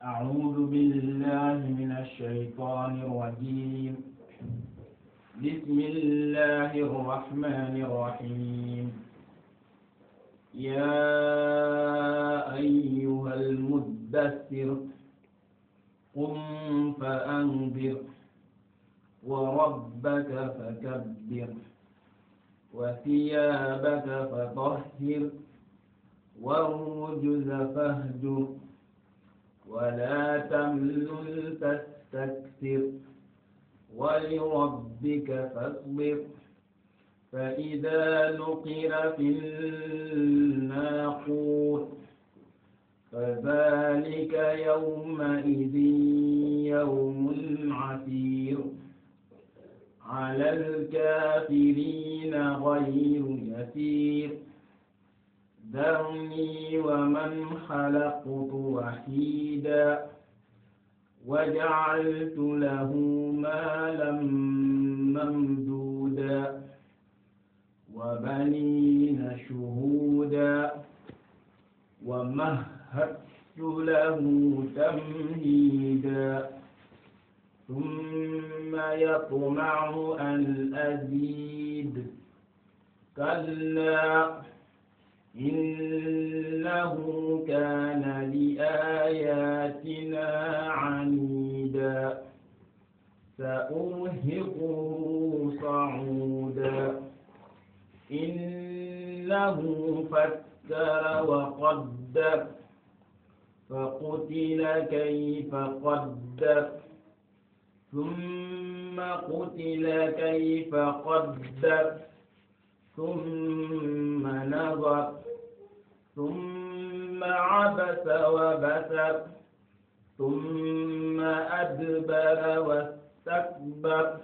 أعوذ بالله من الشيطان الرجيم بسم الله الرحمن الرحيم يا أيها المدثر قم فأنذر وربك فكبر وثيابك فطهر والرجز فاهجر ولا تمنن تستكثر ولربك فاصبر فإذا نقر في الناقور فذلك يومئذ يوم عسير على الكافرين غير يسير ذرني ومن خلقت وحيدا وجعلت له مالا ممدودا وبنين شهودا ومهدت له تمهيدا ثم يطمع أن أزيد كلا إنه كان لآياتنا عنيدا سأرهقه صعودا إنه فكر وقدر فقتل كيف قدر ثم قتل كيف قدر ثم نظر ثم عبس وبسر ثم أدبر واستكبر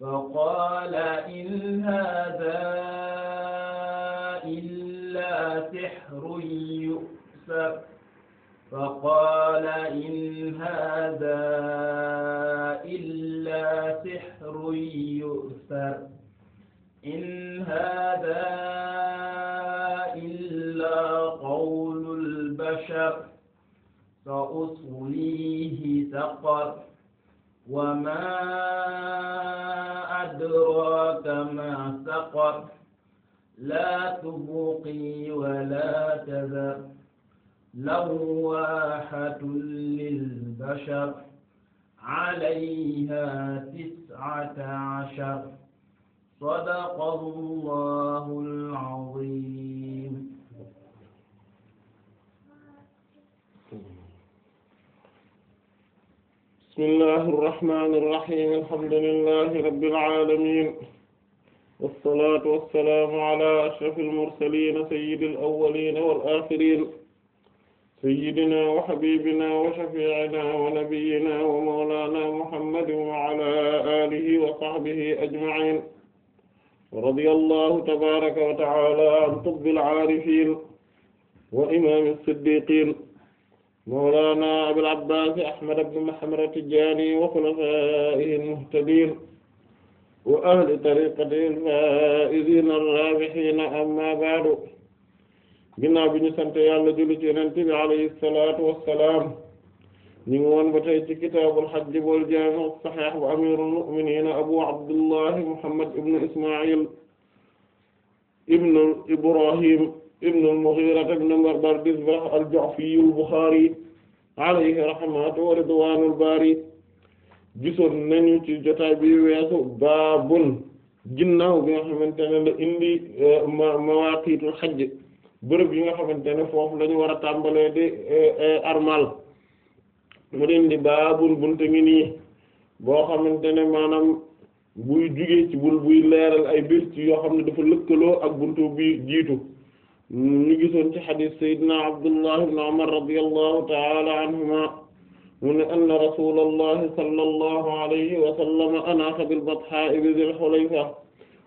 فقال إن هذا إلا سحر يؤثر فقال إن هذا إلا سحر يؤثر إن هذا إلا قول البشر سأصليه سقر وما أدراك ما سقر لا تبقي ولا تذر لواحة للبشر عليها تسعة عشر صدق الله العظيم بسم الله الرحمن الرحيم الحمد لله رب العالمين والصلاة والسلام على أشرف المرسلين سيد الأولين والآخرين سيدنا وحبيبنا وشفيعنا ونبينا ومولانا محمد وعلى آله وصحبه أجمعين radiya allahu tabaraka wa taala an tubbil aarifin wa imam as-siddiqin mawlana abil abbas ahmad ibn muhammad at-tijani wa khulafaihi al-muhtadin wa ahli tariqatihi al-faa'izin ar-raabihin amma ba'du ginnaaw bi ñu sant yàlla julli ci yonent bi alayhi salaatu wassalaam ñu ngi woon ba ci kitaabul hajj wal jaami' as-sahih wa amirul mu'minin abu abdullah muhammad ibn isma'il ibn ibrahim ibn al-mughira ibn bardizbah al-ju'fi al-bukhari alayhi rahmatu wa ridwanul bari gisoon nañu ci jotaay bi weesu baabun ginnaaw bi nga xamante eh, yi nga xamante ne foofu la ñu war a tàmbalee di eh, eh, armal mu den di baabul buntu ngi nii boo xamante ne maanaam buy jugee ci bul buy leeral ay bir ci yoo xam ne dafa lëkkaloo ak buntu bi jiitu ñu gisoon ci xadiis sayyidina abdullah ibn umar radiyallahu ta'ala anhuma mu ne anna rasulallahi sallallahu alayhi wa sallam anaaxa bil bathaa bi dhil hulayfa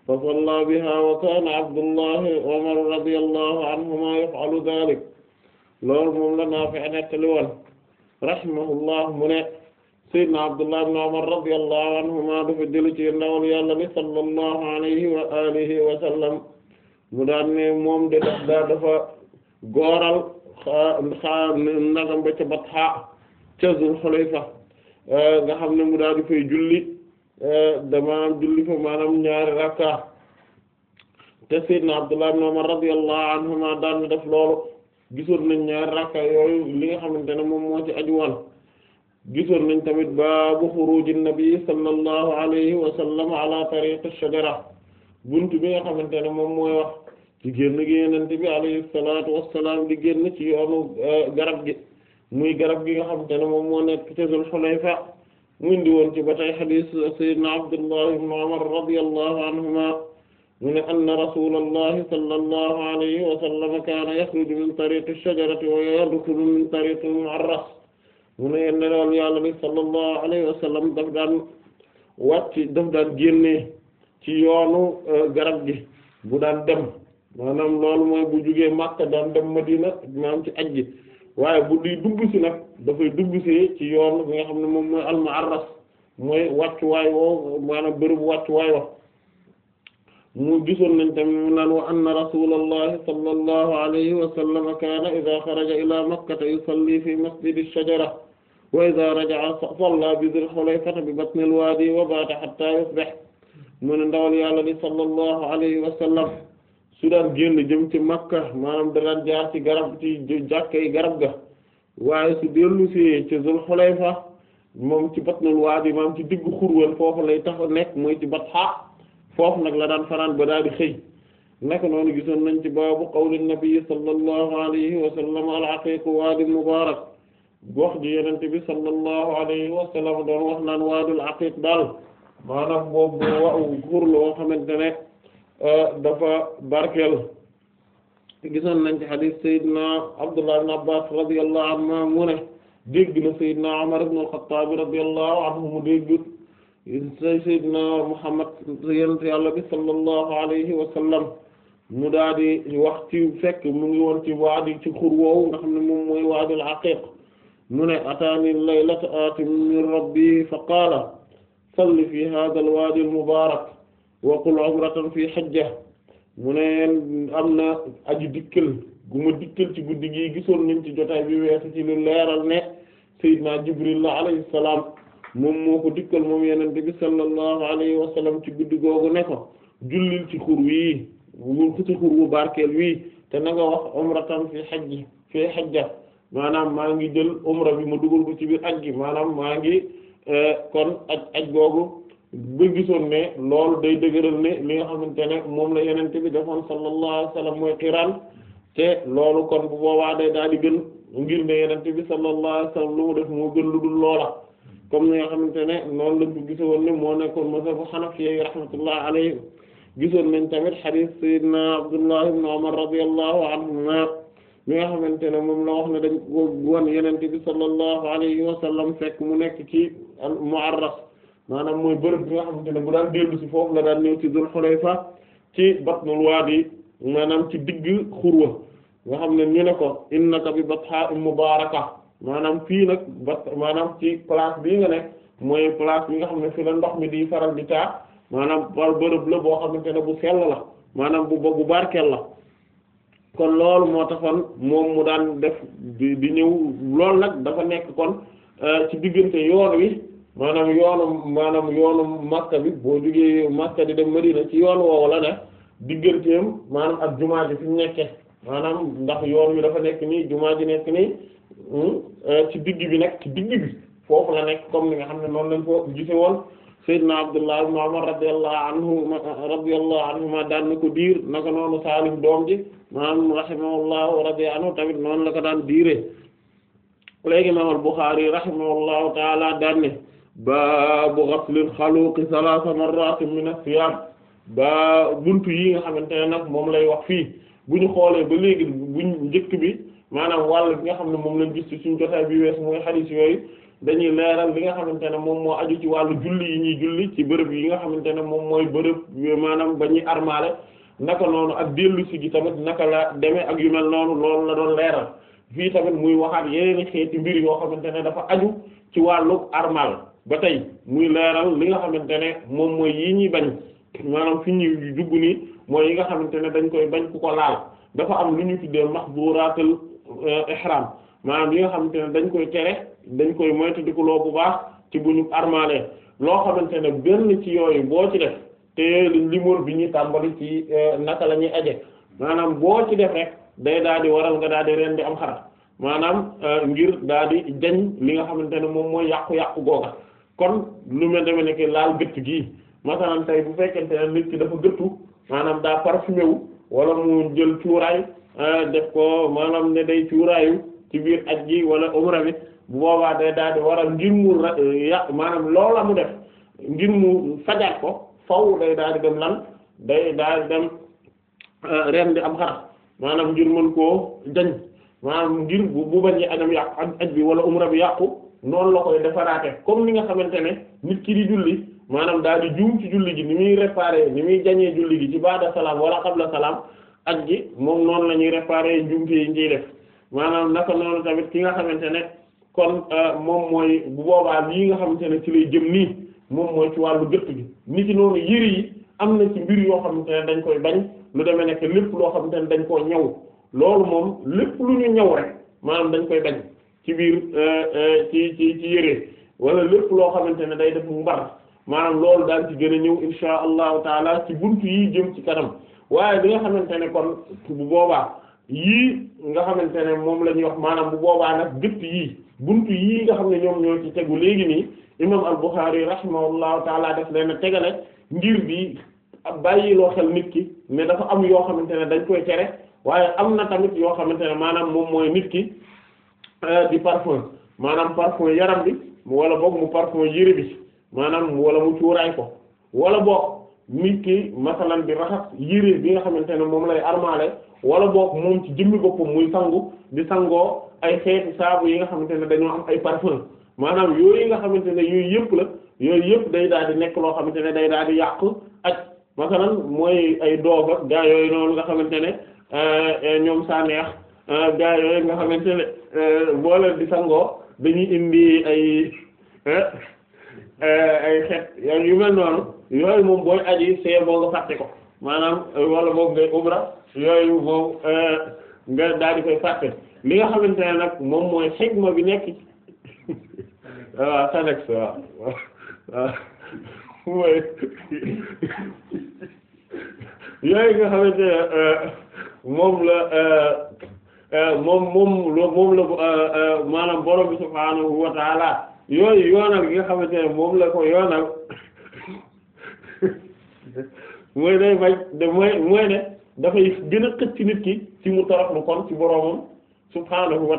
fa salla biha wa kaana abdullahi umar radiyallahu anhuma yaf'alu dhalik loolu moom la Naafi' nettali woon rahimahullah mu ne sayyidna Abdullah ibn Umar radiyallahu anhuma dafa jël ci ndawal yàlla ni sallallahu alayhi wa alihi wa sallam mu daan ne moom de daa dafa gooral xaa ndagam ba ca Batha ca Zul Xulayfa nga xam ne mu daal di fay julli da maanaam julli fa maanaam ñaari rakka te sayyidna Abdullah ibn Umar radiyallahu anhuma daan def loolu gisoon nañ ñaar rakka yooyu li nga xamante ne moom moo ci ajuwaan gisoon nañ tamit baabu xuruji nabi sallallahu alayhi wa sallam ala a shajara buntu bi nga xamante ne moom mooy wax ci génn gi yenente bi alayhi salaatu wassalaam di génn ci yoonu euh, garab gi muy garab gi nga xamante ne moom moo nekk ci Zul Xulayfa mu indi woon ci ba tey xadiis sayyidina Abdullah ibn Umar radiyallahu anhuma mu ne anna rasulallahi sallallahu alayhi wa sallam kaana yaxruju min tariqi shajarati wa yadxulu min tariqi al-arras mu ne ndawal yàlla bi sallallahu alayhi wa sallam daf daan wàcc daf daan génne ci yoonu euh, garab gi bu daan dem maanaam loolu mooy bu jugee Makka daan dem Madina maanaam ci ajji waaye bu di dugg si nag dafay dugg si ci yoon bi nga xam ne moom mooy al-mu'arras mooy wàccuwaay woo maanaam bërëbu wàccuwaay wax mu gisoon nañ tamit mu naan wa anna rasulallahi sallallahu alayhi wa sallam kaana idha xaraja ila makkata yusalli fi masjidi ash-shajara wa idha raja'a salla bi dhil hulayfata bi batni al-wadi wa baata hatta yusbih mu ne ndawal yàlla li sallallahu alayhi wa sallam su daan génn jëm ci makka maanaam da daan jaar ci garab i jàkkay garab ga waaye su dellu ci ci dhul hulayfa moom ci batnul wadi maanaam ci diggu xurwal foofu lay tax nekk mooy ci batha foofu nag la daan fanaan ba daal di xëy naka noonu gisoon nañ ci baabu qawli nabi sallallahu alayhi wa sallam al aqiiqu waadin mubaarak wax ji yonent bi sallallahu alayhi wa sallam doon wax naan waadul aqiiq daal maanaam boobu waaw góor la woo xamante ne euh, dafa barkeel gisoon nañ ci xadiis Seydina Abdullah ibn Abbas radiyallahu anhu mu ne dégg na Seydina Umar ibn al-Khattab radiyallahu anhu mu dégg sayyidina Muhammad yonent yàlla bi sallallahu alayhi wa mu daa di wax ci fekk mu ngi woon ci waadi ci xur woowu nga xam ne moom mooy mu ne ataani laylata aatim min rabbi fa qaala salli fi hadha al waadi wa qul umratan fi hajja mu ne am na aji dikkal gu ma dikkal ci guddi gi gisoon nañ ci jotaay bi weesu lu leeral ne sayyidina Jibril alayhi salaam moom moo ko dikkal moom yenente bi sallallahu alayhi wa sallam ci guddi googu ne ko jullil ci xur wii mun ci xur wu barkeel wii te na nga wax umratan fi hajji fi hajja maanaam maa ngi jël umra bi ma dugal ko ci biir aj gi maanaam maa ngi eh, kon aj aj googu ba gisoon ne loolu day dëgërël ne li nga xamante ne moom la yenente bi defoon sallallahu alayhi wa sallam mooy xiraan te loolu kon bu boobaa day daal di gën ngir ne yenente bi sallallahu alayhi wa lu mu def moo gën lu comme ni nga xamante ne noonu lañ ko gisoon ne moo nekkoon mazhabu Hanafiyya yi rahmatullah alayhim gisoon nañ tamit hadith sayyidina Abdullah ibn Umar radiyallahu anhuma mi nga xamante ne moom la wax ne dañ ko wan yonent bi sallallahu alayhi wa sallam mu nekk ci al-Mu'arras maanaam mooy bërëb bi nga xamante ne bu daan dellu si foofu la daan ñëw ci Dul Xulayfa ci batnul waadi maanaam ci digg xurwa nga xam ne ñu ne ko innaka bi batha mubaraka maanaam fii nag ba maanaam ci place bii nga nekk mooy place bi nga xam ne fi la ndox mi di faral di taa maanaam wal bërëb la boo xamante ne bu sell la maanaam bu bu barkeel la kon loolu moo taxoon moom mu daan def di di ñëw loolu nag dafa nekk kon euh, ci diggante yoon wi maanaam yoonu maanaam yoonu Makka bi boo jógee Makka di dem Madina ci yoon woow la ne digganteem maanaam ak jumaa ji fi mu nekkee maanaam ndax yoon wi dafa nekk nii jumaa ji nekk nii Hmm? Euh, ci digg bi nag ci foofu la nekk comme ni nga xam ne noonu lañ ko gise woon Seydina Abdullah ibn Umar radiyallahu anhu radiyallahu anhuma daan na ko diir naka noonu Saalim doom ji maanaam rahimahullah wa radiya anhu tamit noonu la ko daan diiree léegi imaam al-Bukhari rahimahullahu taala daan ne baabu ghaslil xaluqi salaasa marratin min as-siyaam baa buntu yi nga xamante ne nag moom lay wax fii bu ñu xoolee ba léegi buñ njëkk bi maanaam wàll bi nga xam ne moom lañ gis ci suñu jotaay bi wees mooy xadiis yooyu dañuy leeral li nga xamante ne moom moo aju ci wàllu julli yi ñuy julli ci bërëb yi nga xamante ne moom mooy bërëb maanaam ba ñuy armaale noonu ak dellu si gi tamit naka la demee ak yu noonu loolu la doon leeral fii tamit muy waxaat yeneen xeeti mbir yoo xamante ne dafa aju ci wàllu armal ba tey muy leeral li nga xamante ne moom mooy yi ñuy bañ maanaam fi ñuy dugg nii mooy yi nga xamante ne dañ koy bañ ku ko laal dafa am lu ñu tuddee mahduratul Euh, ihram maanaam li nga xamante ne dañ koy tere dañ koy moytandiku loo bu baax ci bu ñu armaalee loo xamante ne benn ci yooyu boo ci def te yooyu limoor bi ñuy tàmbali ci euh, naka la ñuy aje maanaam boo ci def rek day daal di waral nga daal di rendi am xarat maanaam euh, ngir daal di jañ li nga xamante ne moom mooy yàqu-yàqu googa kon lu mel deme ne laal gëtt gi masalan tey bu fekkente ne nit ki dafa gëttu maanaam daa parfumé wala mu jël cuuraay euh, def ko maanaam ne day cuuraayu ci biir aj gi wala umra bi bu boobaa daal di waral ngir mu euh, yàq maanaam loola mu def ngir mu fajaat ko faw day daal di dem lan day daal dem euh, ren di am xar maanaam ngir mën koo jañ maanaam ngir bu bu bañ a ajam yàqu aj bi wala umra bi yàqu noonu la koy defaraate comme ni nga xamante ne nit ki di julli. maanaam daal di juum ci julli gi ni muy réparé ni muy jañee julli gi ci baada salaam wala xabla salaam ak gi moom noonu la ñuy réparé njuumte yi ñuy def maanaam naka noonu tamit ki nga xamante ne kon euh, moom mooy bu boobaa lii nga xamante ne ci lay jëm nii moom mooy ci wàllu gëtt gi ni ci noonu yëre yi am na ci mbir yoo xamante ne dañ koy bañ lu demee nekk lépp loo xamante ne dañ koo ñaw loolu moom lépp lu ñu ñaw rek maanaam dañ koy bañ ci biir euh, euh, ci ci ci yëre wala lépp loo xamante ne day def mu mbar maanaam loolu daal ci gën a ñëw insha allahu taala ci buntu yi jëm ci kanam waaye bi nga xamante ne kon bu boobaa yii nga xamante ne moom la ñuy wax maanaam bu boobaa nag gëtt yii buntu yii nga xam ne ñoom ñoo ci tegu léegi nii imam al-Bukhari rahimahullahu taala def leen tegale ngir bi loo xel nit ki mais dafa am yoo xamante ne dañ koy tere waaye am na tamit yoo xamante ne maanaam moom mooy nit ki euh, di parfum maanaam parfum yaram bi wala boog mu parfum yére bi maanaam wala mu cuuraay ko wala boog nit ki masalan bi raxas yére bi nga xamante ne moom lay armaale wala boog moom ci ko boppam muy sangu di sangoo ay xeeti saabu yi nga xamante ne dañoo am ay parfum maanaam yooyu nga xamante ne yooyu yëpp la yooyu yëpp day daal di nekk loo xamante ne day daal di yàq ak masalan mooy ay doog ak gaa yooyu noonu nga xamante ne euh, euh, ñoom saa neex euh, gaa yooyu nga xamante ne boo di sangoo dañuy indi ay. Eh, ay xeet yu yooyu moom booy aji see boo nga fàtte ko maanaam eh, wala boobu ngay umra yooyu boobu eh, nga daal koy fàtte li nga xamante ne nag moom mooy xigma bi nekk yooyu nga xamante ne moom la moom moom moom la maanaam borom bi subhaanahu wa yooyu yoonal gi nga xamante ne moom la ko yoonal mooy day bañ de mooy mooy ne dafay gën a xëcc nit ki ci mu toroxlu kon ci boroomam subhaanahu wa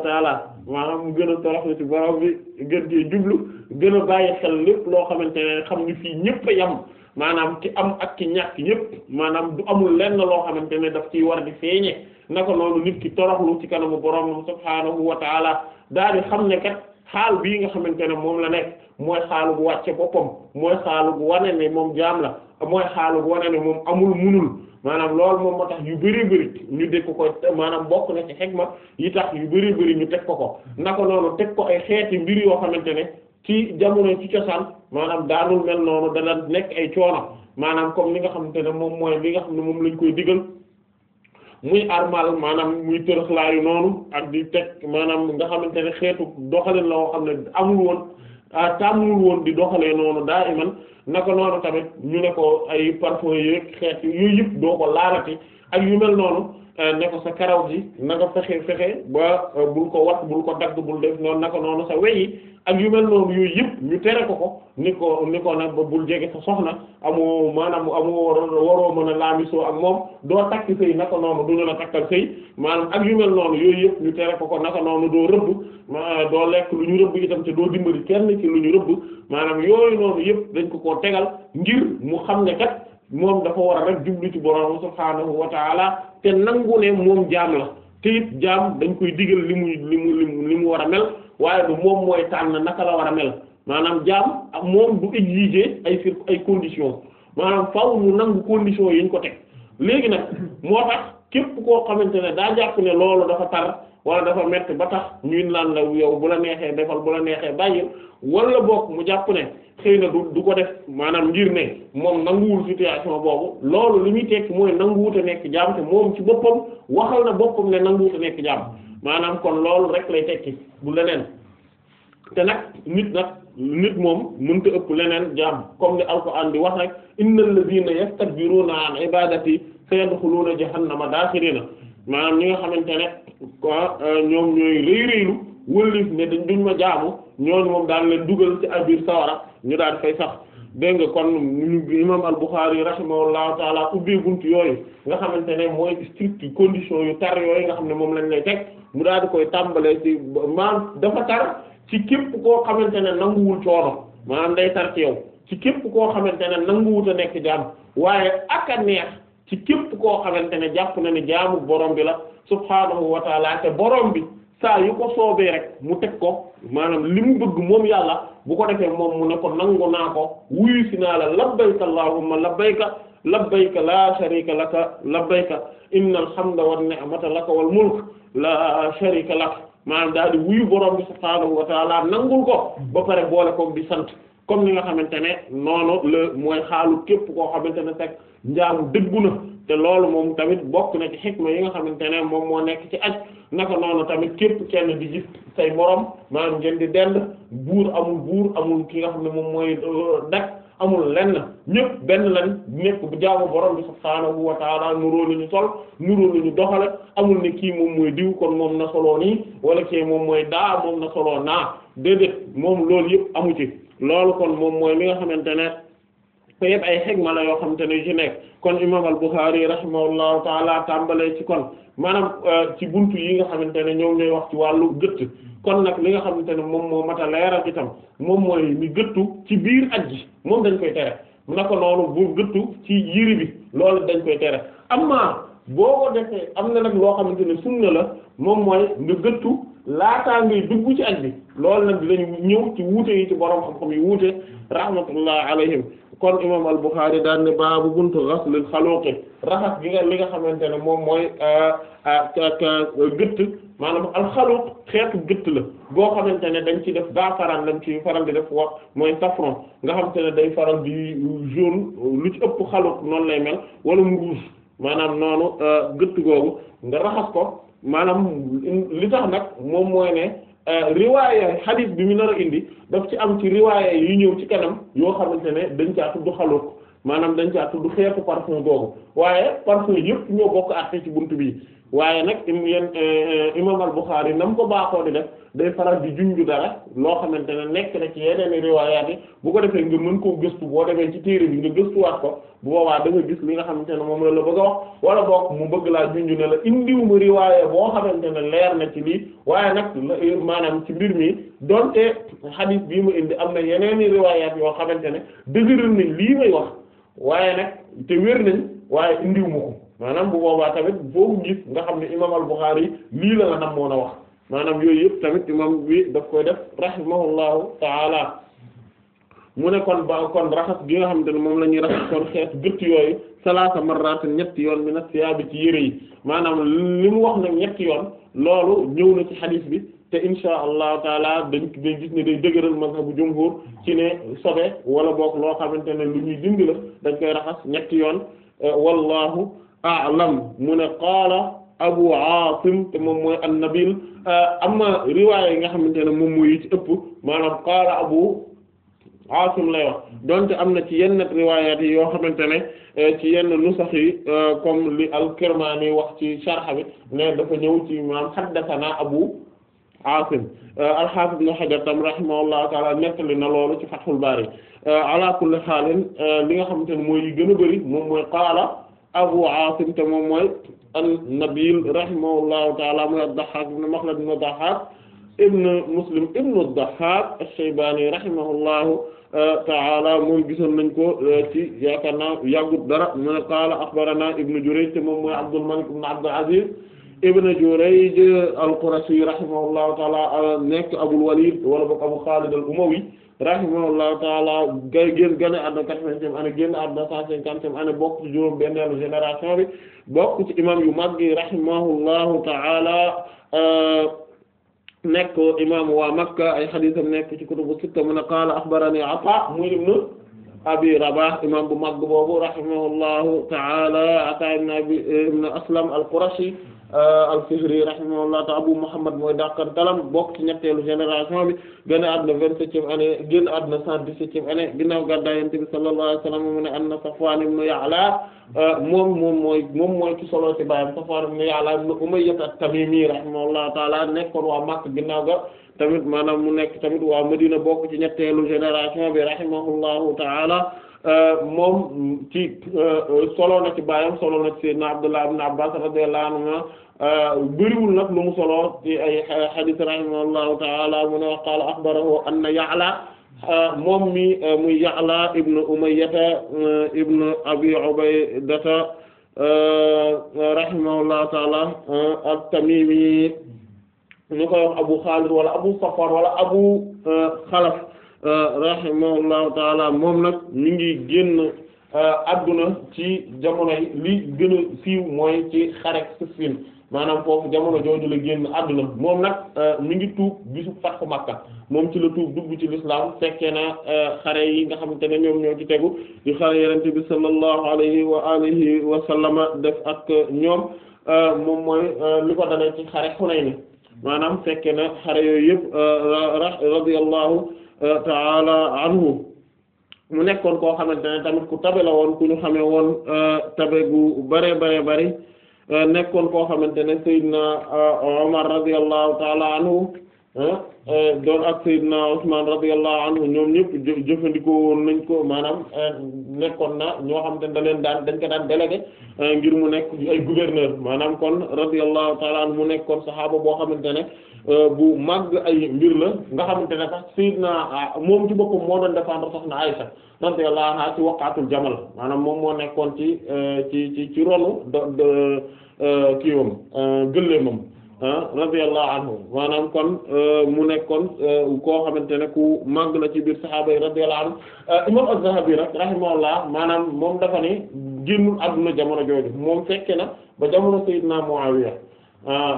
maanaam mu gën a toroxlu ci boroom bi gën cee jublu gën a bàyyi xel lépp loo xamante ne xam ngi fii ñépp a yam maanaam ki am ak ki ñàkk ñépp maanaam du amul lenn loo xamante ne daf ciy war di feeñe naka noonu nit ki toroxlu ci kanamu boroomam subhaanahu wa daal di xam ne kat xaal bii nga xamante ne moom la nekk mooy xaalu bu wàcce boppam mooy xaalu bu wane ne moom jaam la mooy xaalu bu wane ne moom amul munul maanaam lool moom moo tax yu bëri bëri ñu dégg ko maanaam bokk na ci xegma yi tax yu bëri ñu teg ko ko naka noonu teg ko ay xeeti mbir yoo xamante ne ci jamono ci cosaan maanaam daanul mel noonu dana nekk ay coono maanaam comme li nga xamante ne moom mooy li nga xam ne moom lañ koy digal muy armal maanaam muy tërëxlaayu noonu ak di teg maanaam nga xamante ne xeetu doxalin la woo xam ne amul woon ah, tàmmul woon di doxalee noonu daa iman naka noonu tamit ñu ne ko ay parfum yeeg xeet yooyu yëpp doo ko laalati ak yu mel noonu Euh, ne ko sa karaw gi na nga fexe fexe ba euh, bul ko wat bul ko dagg bul def noonu naka noonu sa weyi ak yu mel noonu yooyu yëpp ñu tere ko ko ni ko ni ko nag ba bul jege sa amoo maanaam waroo mën a laamisoo ak moom doo takk sëy naka noonu du ñu la takkal ak yu mel noonu yooyu yëpp ko naka noonu doo rëbb euh, doo lekk lu ñu rëbb itam ci doo dimbali kenn ci lu ñu rëbb maanaam yooyu noonu yëpp dañ ko koo tegal ngir mu xam ne kat. moom dafa war a rek jublu ci borom subhaanahu wa taala te nangu ne moom jaam la te it jaam dañ koy digal li mu li mu li mu war a mel waaye du moom mooy tànn naka la war a mel maanaam jaam moom du exiger ay sur ay conditions maanaam faaw mu nangu conditions yi ñu ko teg léegi nag moo tax képp koo xamante ne daa jàpp ne loolu dafa tar wala dafa metti ba tax ñuy naan la yow bu la neexee defal bu la neexee bàyyil wala boog mu jàpp ne xëy na du du ko def maanaam ngir ne moom nanguwul situation boobu loolu lu muy tekki mooy nanguwut a nekk jaam moom ci boppam waxal na boppam ne nanguwut a nekk jaam maanaam kon loolu rek lay tekki bu leneen te nag nit nag nit moom mënta ëpp leneen jaam comme ni alxuraan di wax rek innal ladina yastakbiruna an ibadati sayadkhuluna jahannama na maanaam ñi nga xamante ne Euh, ñoom ñooy rëy rëylu wëlif ne dañ duñ ma jaamu ñoon moom daal leen dugal ci abir sawara ñu daal fay sax dégg nga kon imam al-Bukhari rahimahullahu taala ubbee bunt yooyu nga xamante ne mooy strict condition yu tar yooyu nga xam ne moom lañ lay teg mu daal di koy tàmbalee ci maam dafa tar ci képp koo xamante ne nanguwul coono maanaam day tar ci yow ci képp koo xamante ne nanguwut a nekk jaam waaye ak a neex ci képp koo xamante ne jàpp na ne jaamu borom bi la subhaanahu wa taala te bi saa yu ko soobee rek mu teg ko maanaam li mu bëgg moom yàlla bu ko defee moom mu ne ko nangu naa ko wuyu si naa la labbayka allahumma labbayka labbayka laa sharika laka labbayka innal hamda wan ni'mata laka wal mulk laa sharika lak maanaam daal di wuyu borom bi subhaanahu wa taala nangu ko ba pare boole ko bi sant comme ni nga xamante ne noonu la mooy xaalu képp koo xamante ne teg njaamu dëggu na te loolu moom tamit bokk na ci xikma yi nga xamante ne moom moo nekk ci aj naka noonu tamit képp kenn di gis say morom maanaam ngeen di dend buur amul buur amul ki nga xam ne moom mooy dak euh, amul lenn ñëpp benn lan nekk bu jaamu borom bi subhaanahu wa taala nuroo la ñu sol nuroo la ñu doxale amul ne kii moom mooy diw kon moom na soloo nii wala kii moom mooy daa moom na soloo naa déedéet moom loolu yëpp amu ci loolu kon moom mooy li nga xamante ne ko yëpp ay xegma la yoo xamante ne ci nekk kon imam al-Bukhari rahimahullahu taala tàmbalee ci kon maanaam euh, ci buntu yi nga xamante ne ñoom ñooy wax ci wàllu gëtt kon nag li nga xamante ne moom moo mat a leeral itam moom mooy ni gëttu ci biir aj moom dañ koy tere naka noonu bu gëttu ci yiri bi loolu dañ koy tere amma boo ko defee am na nag loo xamante ne sunna la moom mooy nga gëttu laataa ngay dugg ci aj bi loolu nag lañu ñëw ci wuute yi ci borom xam-xam yi wuute rahmatullah alayhim kon imam al-Bukhari daan ne baabu buntu ghaslil xaluuqi raxas bi nga li nga xamante ne moom mooy ah, ah, gëtt maanaam alxaluuq xeetu gëtt la boo xamante ne dañ ci def daa faran lañ ci faral di def wax mooy safran nga xamante ne day faral di jaune lu ci ëpp xaluuq noonu lay mel wala mu maanaam noonu euh, gëtt googu nga raxas ko maanaam li tax nag moom mooy ne euh, riwaaya xadiis bi mu nar a indi daf ci am ci riwaaya yu ñëw ci kanam yoo xamante ne dañ caa tudd maanaam dañ caa tudd xeetu parfum googu waaye parfum yëpp ñoo bokk àtte ci bunt bi waaye nag im yenn euh, imaam al Buxaari nam ko baaxoo di def day faral di junj dara loo xamante ne nekk na ci yeneen riwaayaat yi bu ko defee nga mën koo gëstu boo demee ci téere bi nga gëstuwaat ko bu boobaa da nga gis li nga xamante ne moom la la bëgg a wax wala boog mu bëgg laa junj ne la indiw mu riwaaya boo xamante ne leer na ci lii waaye nag maanaam ci mbir mi donte xadiis bii mu indi am na yeneen i riwaayaat yoo xamante ne dëgëral nañ lii may wax waaye nag te wér nañ waaye indiw ma ko maanaam bu boobaa tamit boo gis nga xam ne imaam al-Bukhari lii la la nam moon a wax maanaam yooyu yëpp tamit imam bi daf koy def rahimahullahu taala mu ne kon ba kon raxas gi nga xamante ne moom la ñuy raxas kon xeet gëtt yooyu salaasa marratin ñetti yoon mi nag siyaa ci yére yi maanaam li mu wax nag ñetti yoon loolu ñëw na ci xadiis bi te insha allahu taala dañ dañ gis ne day dëgëral mazhabu jumhur ci ne sobe wala boog loo xamante ne lu ñuy dindi la dañ koy raxas ñetti yoon wallahu a'lam mu ne qaala Abu Aasim te moom mooy an euh, am amma riwaaya yi nga xamante ne moom mooy ci ëpp maanaam qaala Abu Aasim lay wax donte am na ci yenn riwaayaat yi yoo xamante ne euh, ci yenn nusax yi euh, comme li al-Kirmaani wax ci sharh bi ne dafa ñëw ci maanaam haddasanaa Abu Aasim al-Haafiz Ibn Hajar tam rahimahullahu taala nettali na loolu ci Fathul Baari ala kulli xaalin li nga xamante ne mooy yi gën a bari moom mooy qaala. Abu Asim te moom mooy an-Nabil rahimahullahu ta'ala mooy ad-Dahhak ibn Makhlad ibn ad-Dahhak ibn Muslim ibn ad-Dahhak ash-Shaybani rahimahullahu uh, ta'ala moom gisoon nañ ko uh, ci yaakaar naa yàggut dara mu ne qaala akhbarana Ibn Jurayj te moom mooy Abdul Malik ibn Abdul Aziz Ibn Jurayj al-Qurashi rahimahullahu ta'ala uh, nekk Abul Walid wala boog Abu Khalid al-Umawi rahimahullahu taala gay génn gane àdduna quatre-vingtième année génn àdduna cent cinquantième année bokk ci juróom benneelu génération bi bokk ci imam yu mag yi rahimahullahu taala euh, nekk imam waa Makka ay xadiisam nekk ci kutubu sitta mu ne qaala axbarani Ataa muy ibnu Abi Rabaah imam bu mag boobu rahimahullahu taala Ataa ibn Aslam al-Qurashi Euh, al-Fihri rahimahullah ta Abu Muhammad mooy dàqantalam bokk ci ñetteelu génération bi génn àdduna vingt-septième année génn àdduna cent dix-septième année ginnaaw gàddaay Yonent bi sallallahu alayhi wa na Safwan ibn Ya'la euh, moom moom mooy moom mooy ci solo ci baayam Safwan ibn Ya'la ibn Umayyah at-Tamimi rahimahullah ta'ala nekkoon waa Makka ginnaaw ga tamit maanaam mu nekk tamit waa Madina bokk ci ñetteelu génération bi rahimahullahu ta'ala Euh, moom ci euh, euh, solo na ci baayam solo na ci Seydina Abdullah ibn Abbas radiyallahu anhuma bëriwul nag lu mu solo ci ay hadith rahimahullahu ta'ala mu ne wa qaala akhbarahu anna Ya'la moom mi muy Ya'la ibn Umayyata ibn Abi Ubaydata rahimahullahu ta'ala at-Tamimi ñu koy wax Abu Khalid wala Abu Safar wala Abu Khalaf Euh, rahimahullahu taala moom nag mi ngi génn adduna euh, ci jamono yi li gën a mooy ci xare Siffin maanaam foofu jamono jooju la génn adduna moom nag euh, mi ngi tuub bisu Fathu Makka moom ci la tuub dugg ci lislaam fekkee na xare yi nga xam xamante ne ñoom ñoo ci tegu di xare yenente bi sallallahu alayhi wa alihi wa sallama def ak ñoom moom mooy li ko dana ci xare Hunayn maanaam fekkee na xare yooyu yëpp radiyallahu taala anhu mu nekkoon koo xamante ne tamit ku tabe la woon ku ñu xamee woon euh, tabe gu bare bare bari euh, nekkoon koo xamante ne Seydina euh, Omar radiyallahu taala anhu Euh, doon ak Seydina Usmaan radiyallahu anhu ñoom ñëpp jëfandikoo woon nañ ko maanaam euh, nekkoon na ñoo xam te da leen daan dañ ko daan délégué euh, ngir mu nekk ay gouverneur maanaam kon radiyallahu ta'ala anhu mu nekkoon saxaaba boo xamante ne bu màgg ay mbir la nga xamante ne sax Seydina ah, moom ci boppam moo doon défendre soxna Aysa radiyallahu anha ci waqaatul jamal maanaam moom moo nekkoon ci ci ci ci rolu do kiiwam gëlleemam radiyallahu anhum maanaam kon euh, mu nekkoon euh, koo xamante ne ku màgg la ci biir saxaaba yi radiyallahu anhum euh, imam az-Zahabi nag rahimahullah maanaam moom dafa ne génnul adduna jamono jooju moom fekke na ba jamono Seydina Muawiya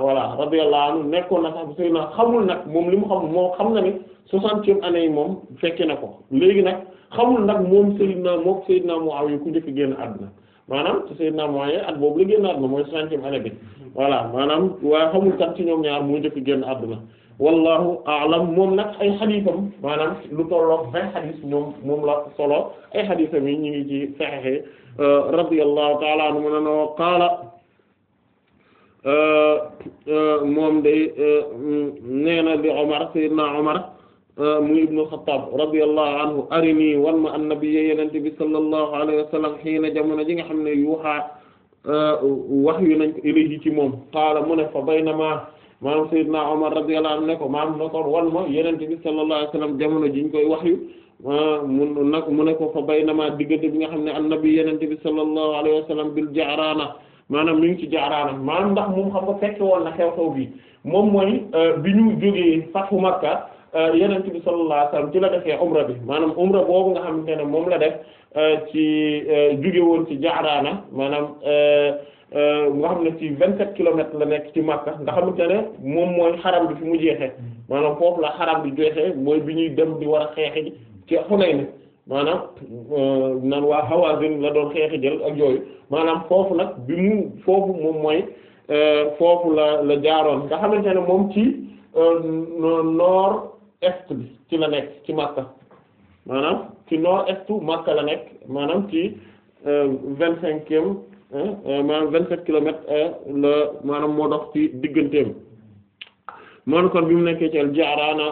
voilà radiyallahu anhu nekkoon na sax bu Seydina xamul nag moom li mu xam moo xam na ni soixantième année yi moom fekke na ko léegi nag xamul nag moom Seydina moom Seydina Muawiya ku njëkk génn adduna maanaam ci Seydina Muawiya at boobu la génn àdduna mooy centième année bi voilà maanaam waaye xamul kan ci ñoom ñaar moo njëkk génn àdduna wallahu a'lam moom nag ay xadiisam maanaam lu tolloog vingt xadiis moom la solo ay xadiisam yi ñu ngi ci saxiix euh, radiyallahu ta'ala anhu euh, euh, moom day mm, nee na bi Omar Seydina Omar muy ibnu Xattaab radiyallahu anhu arini wan ma annabiyya yenente bi sallallahu alayhi wa sallam xiina jamono ji nga xam ne yuuxaa uh, wax yu nañ ko ilayhi ci moom qaala mu ne fa baynama maanaam sayyidna Umar radiyallahu anhu ne ko maam na ma yenente bi sallallahu alayhi wa sallam jamono jiñ koy wax yu uh, nag mu ne ko fa baynama diggante bi nga xam ne annabi yenente bi sallallahu alayhi wa sallam bil jaaraana maanaam mi ngi ci jaaraana maanaam ndax moom xam nga fekk woon na xew-xew bi moom mooy uh, bi ñu jógee Fathu Makka Euh, yonent bi sallallahu alayhi wasallam ci la defee umra bi maanaam umra boobu nga xamante ne moom la def euh, ci euh, jóge woon ci jaaraana maanaam nga xam ne ci vingt-sept la nekk ci Makka nga xamante ne moom mooy xaram bi fi mu jeexee maanaam foofu la xaram bi jeexee mooy bi ñuy dem di war a xeexi ci Hunayn maanaam nan waa Hawazin la xeexi jël ak yooyu maanaam foofu nag bi mu foofu moom mooy foofu la la jaaroon nga xamante ne moom ci nord est bi ci la nekk ci Makka maanaam ci nord-estu Makka la nekk maanaam ci euh, vingt-cinquième euh, maanaam vingt-sept kilomètres euh, la maanaam moo dox ci digganteem moom kon bi mu nekkee ci al-Ja'rana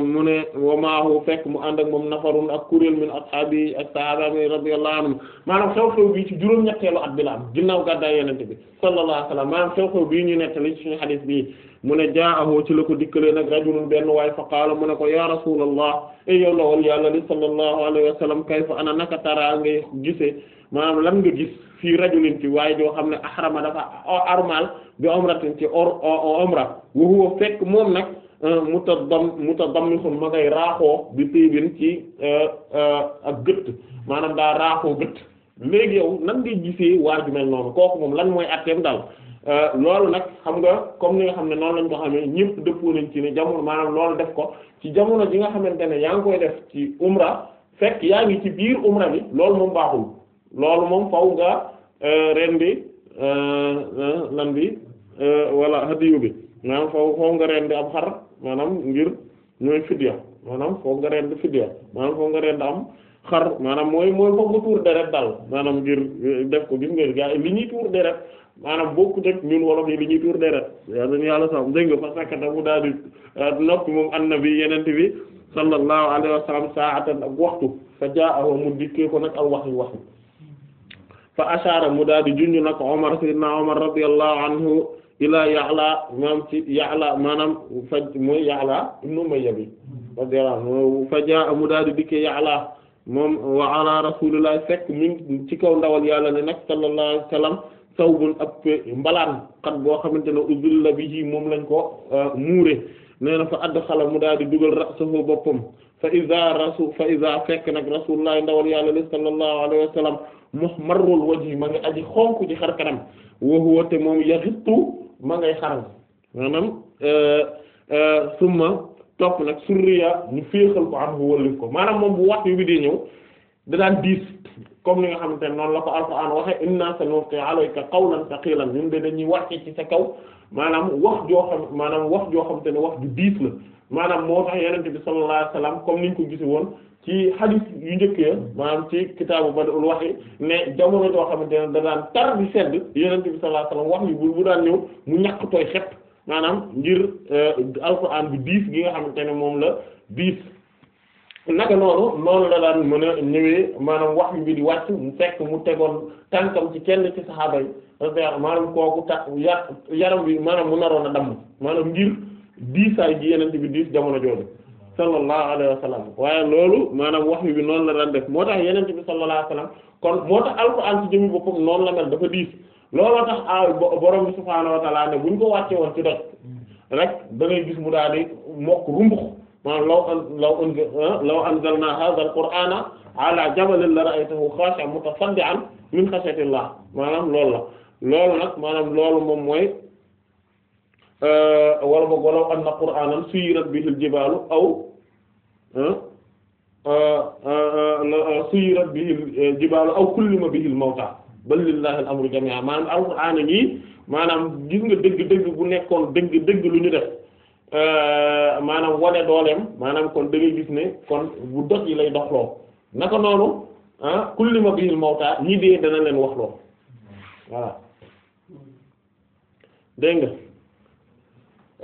mu ne wa maahu fekk mu ànd ak moom nafarun ak kuréel min ashaabi ak sahabaami radiyallahu anhum maanaam xew-xew bii ci juróom-ñetteelu at bi la am ginnaaw gàddaay Yonent bi sallallahu alayhi maanaam xew-xew bii ñu nettali ci suñu xadiis bii mu ne jaahu ci la ko dikkalee nag rajulun benn waay fa qaala mu ne ko ya rasulallah e yow lawal yàlla li sallallahu alayhi wa taraa ngay gisee maanaam lan nga gis fii rajulin ci waaye joo xam ne ahrama dafa armal bi umratin ci or umra wa huwa fekk moom nag euh, mutadam mutadammisun ma ngay raaxoo bi tiibin ci euh, euh, ak gëtt maanaam daa raaxoo gëtt léegi yow nan ngay gisee waaju mel noonu kooku moom lan mooy atteem daal Euh, loolu nag xam nga comme ni nga xam ne noonu lañ ko xamee ñëpp dëppoo nañ ci ne jamono maanaam loolu def ko ci jamono ji nga xamante ne yaa ngi koy def ci umra fekk yaa ngi ci biir umra bi loolu moom baaxul loolu moom faw nga euh, ren bi euh, bi walla hadiyu bi maanaam faw faw nga ren bi am xar maanaam ngir ñooy fidya maanaam faw nga ren bi am xar maanaam mooy mooy faw nga tuur deret daal maanaam ngir def ko gis nga li ñuy tuur deret maanaam bokkut ak ñun wolof yi li ñuy tuur deret yàlla yàlla sax dégg fa sakata mu daal di euh, moom annabi yeneen bi sallallahu alayhi wa sallam saatan ak waxtu fa jaa'a mu dikkee ko nag al wahyu wahyu fa ashara mu daal di junj nag Omar sayyidina Omar radiyallahu anhu ilaa Ya'la maam ci Ya'la maanaam fa mooy Ya'la ibn Umayya bi radiyallahu fa jaa'a mu daal dikkee Ya'la moom wa ala rasulillah fekk min ci kaw ndawal yàlla ne nag sallallahu alayhi sawbun ab mbalaan xat boo xamante ne bi bihi moom lañ ko euh, muure nee na fa adxala mu daal di dugal rasahu boppam fa iza rasul fa iza fekk nag rasulullah ndawal yàlla li sallallahu alayhi wa sallam muhmarrul wajhi ma ngi aji xonk ci xar kanam wa huwa te moom yaxittu ma ngay xaram maanaam euh, euh, summa topp nag surriya ñu féexal ko am hu wallif ko maanaam moom bu wax yu bi dee ñëw da daan diis comme ni nga xamante ne noonu la ko alxuraan waxe inna sanulqi alayka qawlan saqilan ñun de dañuy wàcce ci sa kaw maanaam wax joo xam maanaam wax joo xamante ne wax ju diis la maanaam moo tax yenente bi sallallahu alayhi wasallam comme ko gisi woon ci yu njëkk ya maanaam ci kitaabu Badul Wahyi ne jamono joo xamante ne da daan tar bi sedd yenente bi sallallahu alayhi wasallam wax yi bu bu daan ñëw mu ñàkk tooy xepp maanaam ngir euh, alxuraan bi diis gi nga xamante ne moom la diis naka noonu noonu la daan mën a ñëwee maanaam wax bi di wàcc mu fekk mu tegoon tànkam ci kenn ci saxaaba yi maanaam kooku ta yar yaram bi maanaam mu naroon a damm maanaam ngir diisaay gi yeneen bi diis jamono jooju sallallahu alayhi wa sallam waaye loolu maanaam wax bi noonu la daan def moo tax yeneen bi sallallahu alayhi wa kon moo tax alxuraan ci jëmmi boppam noonu la mel dafa diis looloo tax a borom bi subhaanahu wa ta'aala bu buñ ko wàcce woon ci doj rek da gis mu daal di mokk maanaam law an law an ah, law anzalna hadha al-qur'ana ala jabalin la ra'aytahu khashi'an mutasaddian min khashyatillah maanaam loolu la loolu nag maanaam loolu moom mooy euh, wala boog walaw anna qur'anan suyirat bihil jibaalu aw ah, euh, euh, suyirat bihil jibaalu aw kullima bihil mawta bal lillahi al-amru jami'an maanaam alqur'aan yi maanaam gis nga dëgg-dëgg bu nekkoon dëgg-dëgg lu ñu def Euh, maanaam wone dooleem maanaam kon da gis ne kon bu doj yi lay doxloo naka noonu ah kullima bil mawta ñi dee dana leen waxloo voilà dégg nga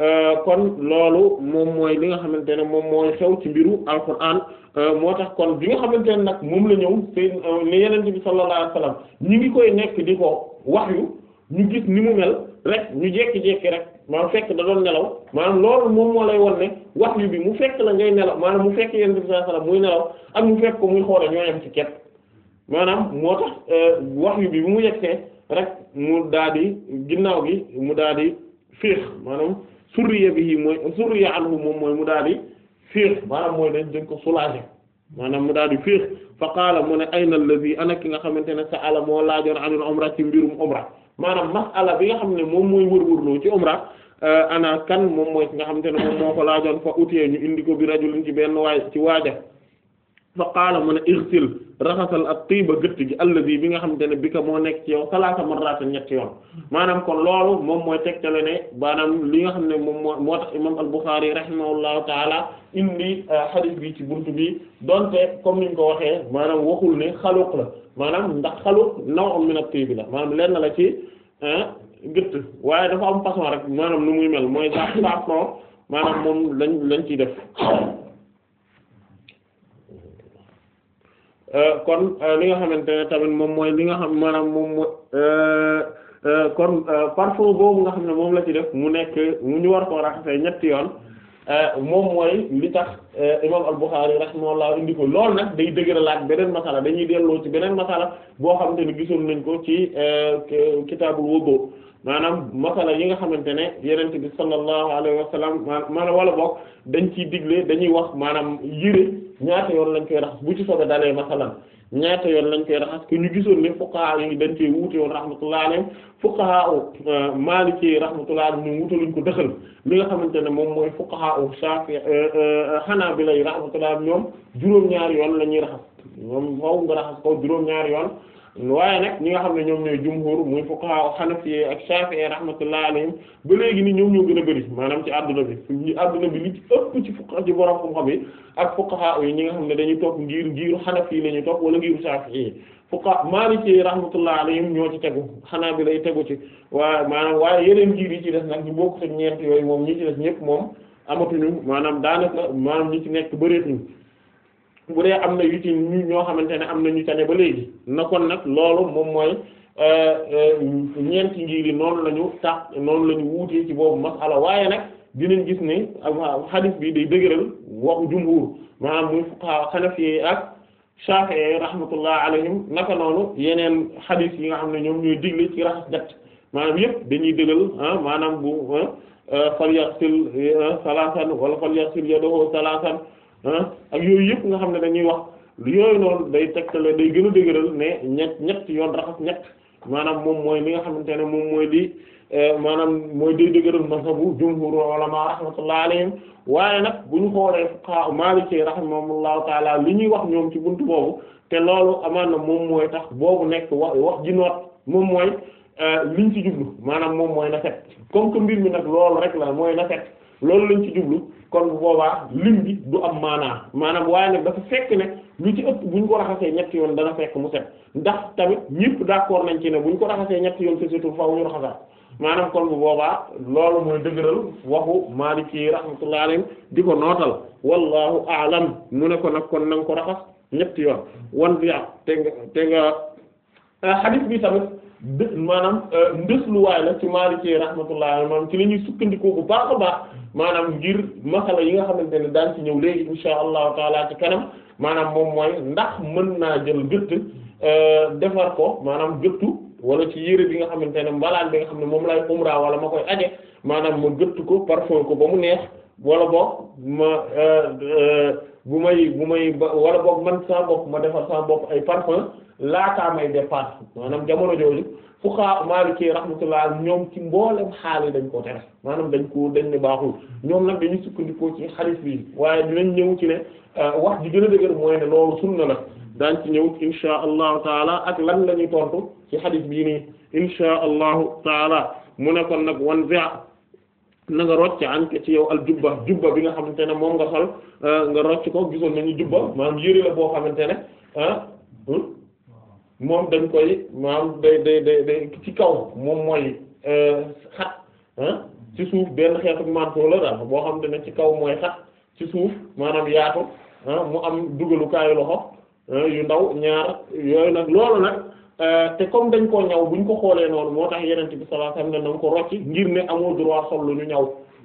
euh, kon loolu moom mooy li nga xamante ne moom mooy xew ci mbiru alxuraan euh, moo tax kon bi nga xamante ne nag moom la ñëw te ne yeneen bi sallallahu alayhi ñi ngi koy nekk di ko wax yu ñu gis ni mu mel. rek ñu jékki-jékki rek maanaam fekk da doon nelaw maanaam loolu moom moo lay won ne wax yu bi mu fekk la ngay nelaw maanaam mu fekk yéen sallallahu alayhi wasallam muy nelaw mu fekk ko muy xoole ñoo ket maanaam moo tax euh, wax yu bi mu yegsee rek mu daa ginnaaw gi mu daa di féex maanaam surriya bi mooy surriya anhu moom mooy mu daa di féex maanaam mooy dañ dañ ko soulager maanaam mu daal di féex fa qaala mu ne ayna allazi ana ki nga xamante ne sa ala moo laajoon anul umra ci mbirum umra maanaam masala bi nga xam ne moom mooy wërwërloo ci umra euh, ana kan moom mooy nga xamante ne moom moo ko laajoon fa utee ñu indi ko bi rajulin ci benn waay ci waaja fa qaala mu ne irsil raxasal ak tiiba gëtt gi allazi bi nga xamante ne bi ka moo nekk ci yow salaasa marrata ñetti yoon maanaam kon loolu moom mooy tegtale ne maanaam li nga xam ne moom moo moo tax imam al-Bukhari rahimahullahu taala indi hadith euh, bi ci buntu bi donte comme niñ ko waxee maanaam waxul ne xaluq la maanaam ndax xalu naw min at-tib la maanaam lenn la ci gëtt waaye dafa am façon rek maanaam nu muy mel mooy sax façon maanaam moom lañ lañ ciy def euh, kon euh, li nga xamante ne tamit moom mooy li nga xam maanaam moom mooy euh, kon parfum boobu nga xam ne moom la ci def mu nekk mu ñu war ko raxasee ñetti yoon Euh, moom mooy li tax euh, imam al-Bukhari rahimahullah indi ko lool nag day dëgëralaat beneen masala dañuy delloo ci beneen masala boo xamante ni gisoon nañ ko ci euh, kitaabul wudu maanaam masala yi nga xamante ne yenent bi sallallahu alayhi wa maanaam wala bokk dañ ciy digle dañuy wax maanaam yére ñaata yoon lañ koy rax bu ci sobe dalee masalan ñaata yoon lañ koy raxas que ñu gisoon ne fuqaha yi dañ cee wuute woon rahmatullah alayhim fuqaha u euh, maliki rahmatullah ñu wutaluñ ko dëxal li nga xamante ne moom mooy fuqaha xanaa bi euh, euh, hanabila rahmatullah ñoom juróom-ñaari yoon la ñuy raxas ñoom faaw nga raxas ko juróom-ñaari yoon waaye nag ñi nga xam ne ñoom ñooy jumhur muy fuqaha xanafi ak shafi'i rahmatullahi alayhim ba léegi ni ñoom ñoo gën a bëri maanaam ci àdduna bi ñi àdduna bi li ci ëpp ci fuqaha ci borom xam-xam yi ak fuqaha yi ñi nga xam ne dañuy topp ngir ngiru xanafi yi la ñuy topp wala ngiru shafi'i yi fuqaha maliki rahmatullahi alayhim ñoo ci tegu xanaa bi lay tegu ci waaye maanaam waaye yeneen ngiir yi ci des nag ñu bokk ak ñeent yooyu moom ñi ci des ñëpp moom amatuñu maanaam daanaka maanaam ñi ci nekk bëreetuñu bu dee am na yu ci ñu ñoo xamante ne am na ñu tane ba léegi na kon nag loolu moom mooy euh, euh, ñeenti ngir noonu la ñu tax noonu lañu ñu ci boobu masala waaye nag dinañ gis ne xadis bi day dëgëral waxu jumhur maanaam muy fuqaha xanafi ak shafi'i rahmatullah alayhim naka noonu yeneen xadis yi nga xam ne ñoom ñooy digle ci raxas jat maanaam yëpp dañuy dëgal ah maanaam bu ah, euh, falyaghsil eh, salaasan wala falyaghsil yadahu salaasan ak yooyu yëpp nga xam ne dañuy wax yooyu noonu day tegtale day gën a dëgëral ne ñett ñett yoon raxas ñett maanaam moom mooy li nga xamante ne moom mooy di eh, maanaam mooy day dëgëral mazhabu jumhur ulama rahmatullah alayhim waaye nag bu ñu xoolee fuqaha maliki rahimahumullahu taala li ñuy wax ñoom ci buntu boobu te loolu amaan na moom mooy tax boobu nekk wax wax ji noot moom mooy eh, liñ ci jublu maanaam moom mooy na fet comme que mbir mi nag loolu rek la mooy na fet loolu lañ ci jublu kon bu boobaa lim bi du am maanaa maanaam waaye nag dafa fekk ne lu ci ëpp bu ñu ko raxasee ñetti yoon dana fekk mu set ndax tamit ñëpp d'accord nañ ci ne bu ñu ko raxasee ñetti yoon c'est surtout faaw ñu raxasaat maanaam kon bu boobaa loolu mooy dëgëral waxu Maliki rahmatullahi alayhi di ko nootal wallahu a'lam mu ne ko nag kon na ko raxas ñetti yoon wan bi ah te nga te nga hadith euh, bi tamit dë maanaam euh, ndës lu waay la ci Maliki rahmatullahi alayhi maanaam ci la ñuy sukkandiku bu baax a baax. maanaam ngir masala yi nga xamante ne daan ci ñëw léegi insha allahu taala ci kanam maanaam moom mooy ndax mën naa jël gëtt euh, defar ko maanaam gëttu wala ci yére bi nga xamante ne mbalaan bi nga xam ne moom lay umra wala ma koy aje maanaam ma gëtt ko parfum ko ba mu neex wala boog ma euh, euh, bu may bu may wala boog man saa bopp ma defar saa bopp ay parfum laataa may dépasse maanaam jamono jooju fuqaha maliki rahmatullah ñoom ci mboolem xaal yi dañ koo tere maanaam dañ ko dañ ne baaxul ñoom nag dañu sukkandikoo ci xaalis bi waaye dinañ ñëw ci ne euh, wax ji gën a dëgër mooy ne loolu sunna la daañ ci ñëw insha allahu taala ak lan la ñuy tontu ci xadis bii nii insha allahu taala mu ne kon nag wan via na nga rocc anke ci yow al jubba jubba bi nga xamante ne moom nga sol euh, nga rocc ko gisoon nañu jubba maanaam yëri la boo xamante ne ah hmm? moom dañ koy maam day day day day ci kaw moom mooy euh, xat ah ci suuf benn xeetu manteau la boo xam ne ci kaw mooy xat ci suuf maanaam yaatu mu am dugalukaayu loxo yu ndaw ñaar yooyu nag loolu nag euh, te comme dañ koo ñaw buñ ko xoolee noonu moo tax yeneen bi sallallahu alayhi ne na ko rocci ngir ne amoo droit sol lu ñu ñaw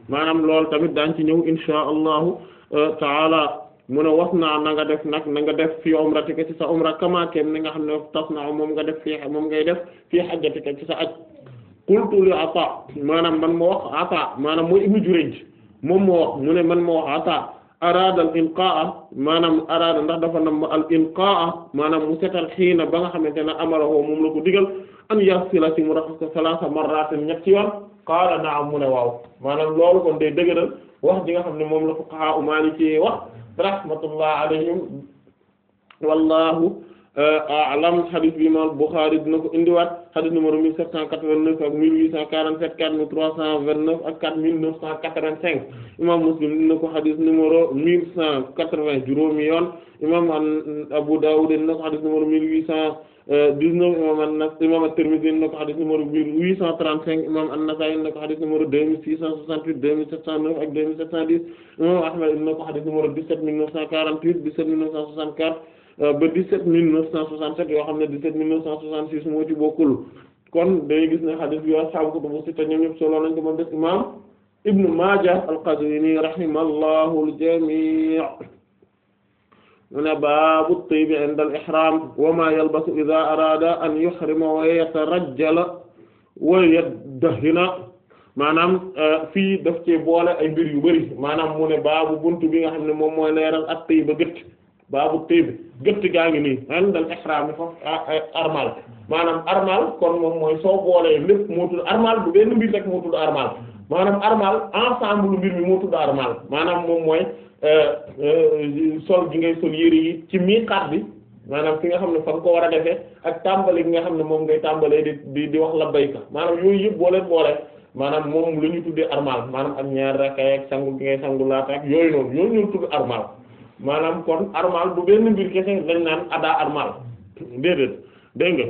maanaam loolu tamit daañ ci ñëw insha allahu euh, taala mu ne was naa na nga def nag na nga def fii umratika ci sa umra kama kem ni nga xam ne tas naa moom nga def fii moom ngay def fii hajjatika ci sa aj qultu li Ata maanaam man moo wax Ata maanaam moo ibnu Jurayj moom moo wax mu ne man moo wax Ata araada al inqaa maanaam araada ndax dafa nam al a maanaam mu setal xiina ba nga xamante ne amarahu moom la ko digal an yaghsila ci mu raxas ko salaasa marratin ñetti wa qaala na'am mu ne waaw maanaam loolu kon day dëgëral wax ji nga xam ne moom la fuqaha u Maliki wax rahmatullah alayhim wallahu euh, a'lam hadith bi imam Bukhari dina ko indiwaat hadith numéro 1789 ak 1847 4329 ak 4985 imam Muslim dina ko hadith numéro 1180 juróomi yoon imam Abu Dawud dina ko hadith numéro 1800 dix-neuf imam an-Nas imam at-Tirmidhi na ko xadis numéro huit cent trente-cinq imam an-Nasa'i na ko xadis numéro deux mille six cent soixante-huit deux mille sept cent neuf ak deux mille sept cent dix imam Ahmad na ko xadis numéro dix-sept mille neuf cent quarante-huit dix-sept mille neuf cent soixante-quatre euh, ba dix-sept mille neuf cent soixante-sept yoo xam ne dix-sept mille neuf cent soixante-six moo ci bokkul kon day gis ne xadis bi mu baabu tayyibi inda al-ihram wa ma yalbasu idha arada an yuhrima wa yatarajjala wa yaddahina maanaam eh, fii daf cee boole ay mbir yu bari maanaam mu ne baabu buntu bi nga xam ne moom mooy leeral at tayyib ba gëtt gaa ngi nii inda al-ihram ah, eh, maanaam armal kon moom mooy soo boolee lépp moo tudd armal bu benn mbir rek moo tudd armal maanaam moo mooy Euh, euh, sol bi ngay sol yére yi ci miiqaat bi maanaam fi nga xam ne fa nga ko war a defee ak tàmbali bi nga xam ne moom ngay tàmbalee di di di wax labbayka maanaam yooyu yëpp booleen boolee maanaam moom la ñu tuddee armal maanaam ak ñaar rakkaay ak sangu gi ngay sangu laata ak yooyu kon armal bu benn mbir kese dañ naan adaa armal déedéet dégg nga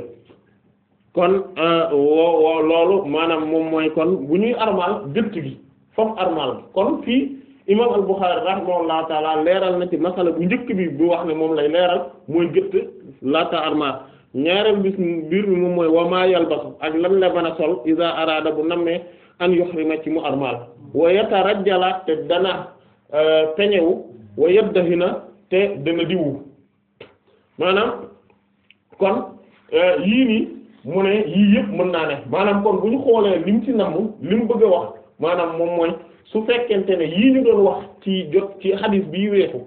kon euh, wo loolu maanaam moom mooy kon bu ñuy armal gëtt gi foofu armal kon fii imam al-Bukhari rahimahullahu taala leeral na ci masala bu njëkk bi bu wax ne moom lay leeral mooy gëtt laata arma ñaareel bis biir mi moom mooy wama yalbasu ak lan la mën a sol iza arada bu nammee an yuhrima ci mu armal wa yatarajjala te dana euh, peñewu wa yaddahina te dana diwu maanaam kon euh, yii nii mu ne yii yëpp mën naa ne maanaam kon bu ñu xoolee lim ci namm lim bëgg wax maanaam moom mooy su fekkente ne yii ñu doon wax ci jot ci xadis bii weesu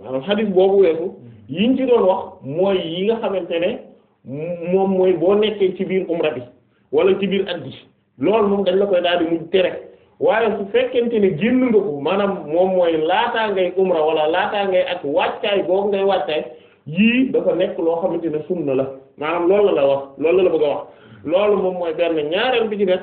maanaam xadis boobu weesu yi ñu doon wax mooy yi nga xamante ne moom mooy boo nekkee ci biir umra bi wala ci biir at gi loolu moom dañ la koy daal di mujj tere waaye su fekkente ne génn nga ko maanaam moom mooy laataa ngay umra wala laataa ngay ak wàccaay boobu ngay wàccaay yii dafa nekk loo xamante ne sunna la maanaam lool la la wax loolu la la bëgg wax loolu moom mooy benn ñaareel bi ci def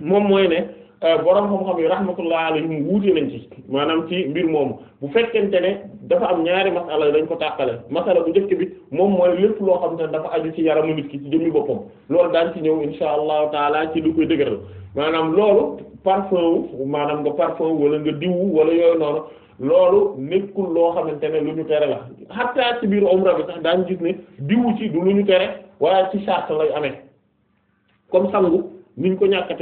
moom mooy ne. Euh, borom xam-xam yi rahmatullah alayhim wuute nañ ci maanaam ci mbir moomu bu fekkente ne dafa am ñaari masala dañ ko tàqale masala bu njëkk bi moom mooy lépp loo xam ne dafa aju ci yaramu nit ki ci jëmmi boppam loolu daan ci ñëw insha allahu taala ci lu koy dëgëral maanaam loolu parfum maanaam nga parfum wala nga diwu wala yooyu noonu loolu nekkul loo xamante ne lu ñu tere la xatta ci biir umra bi sax daañu gis ne diwu ci du lu ñu tere waaye ci charte lay amee comme sangu niñ ko ñàkk a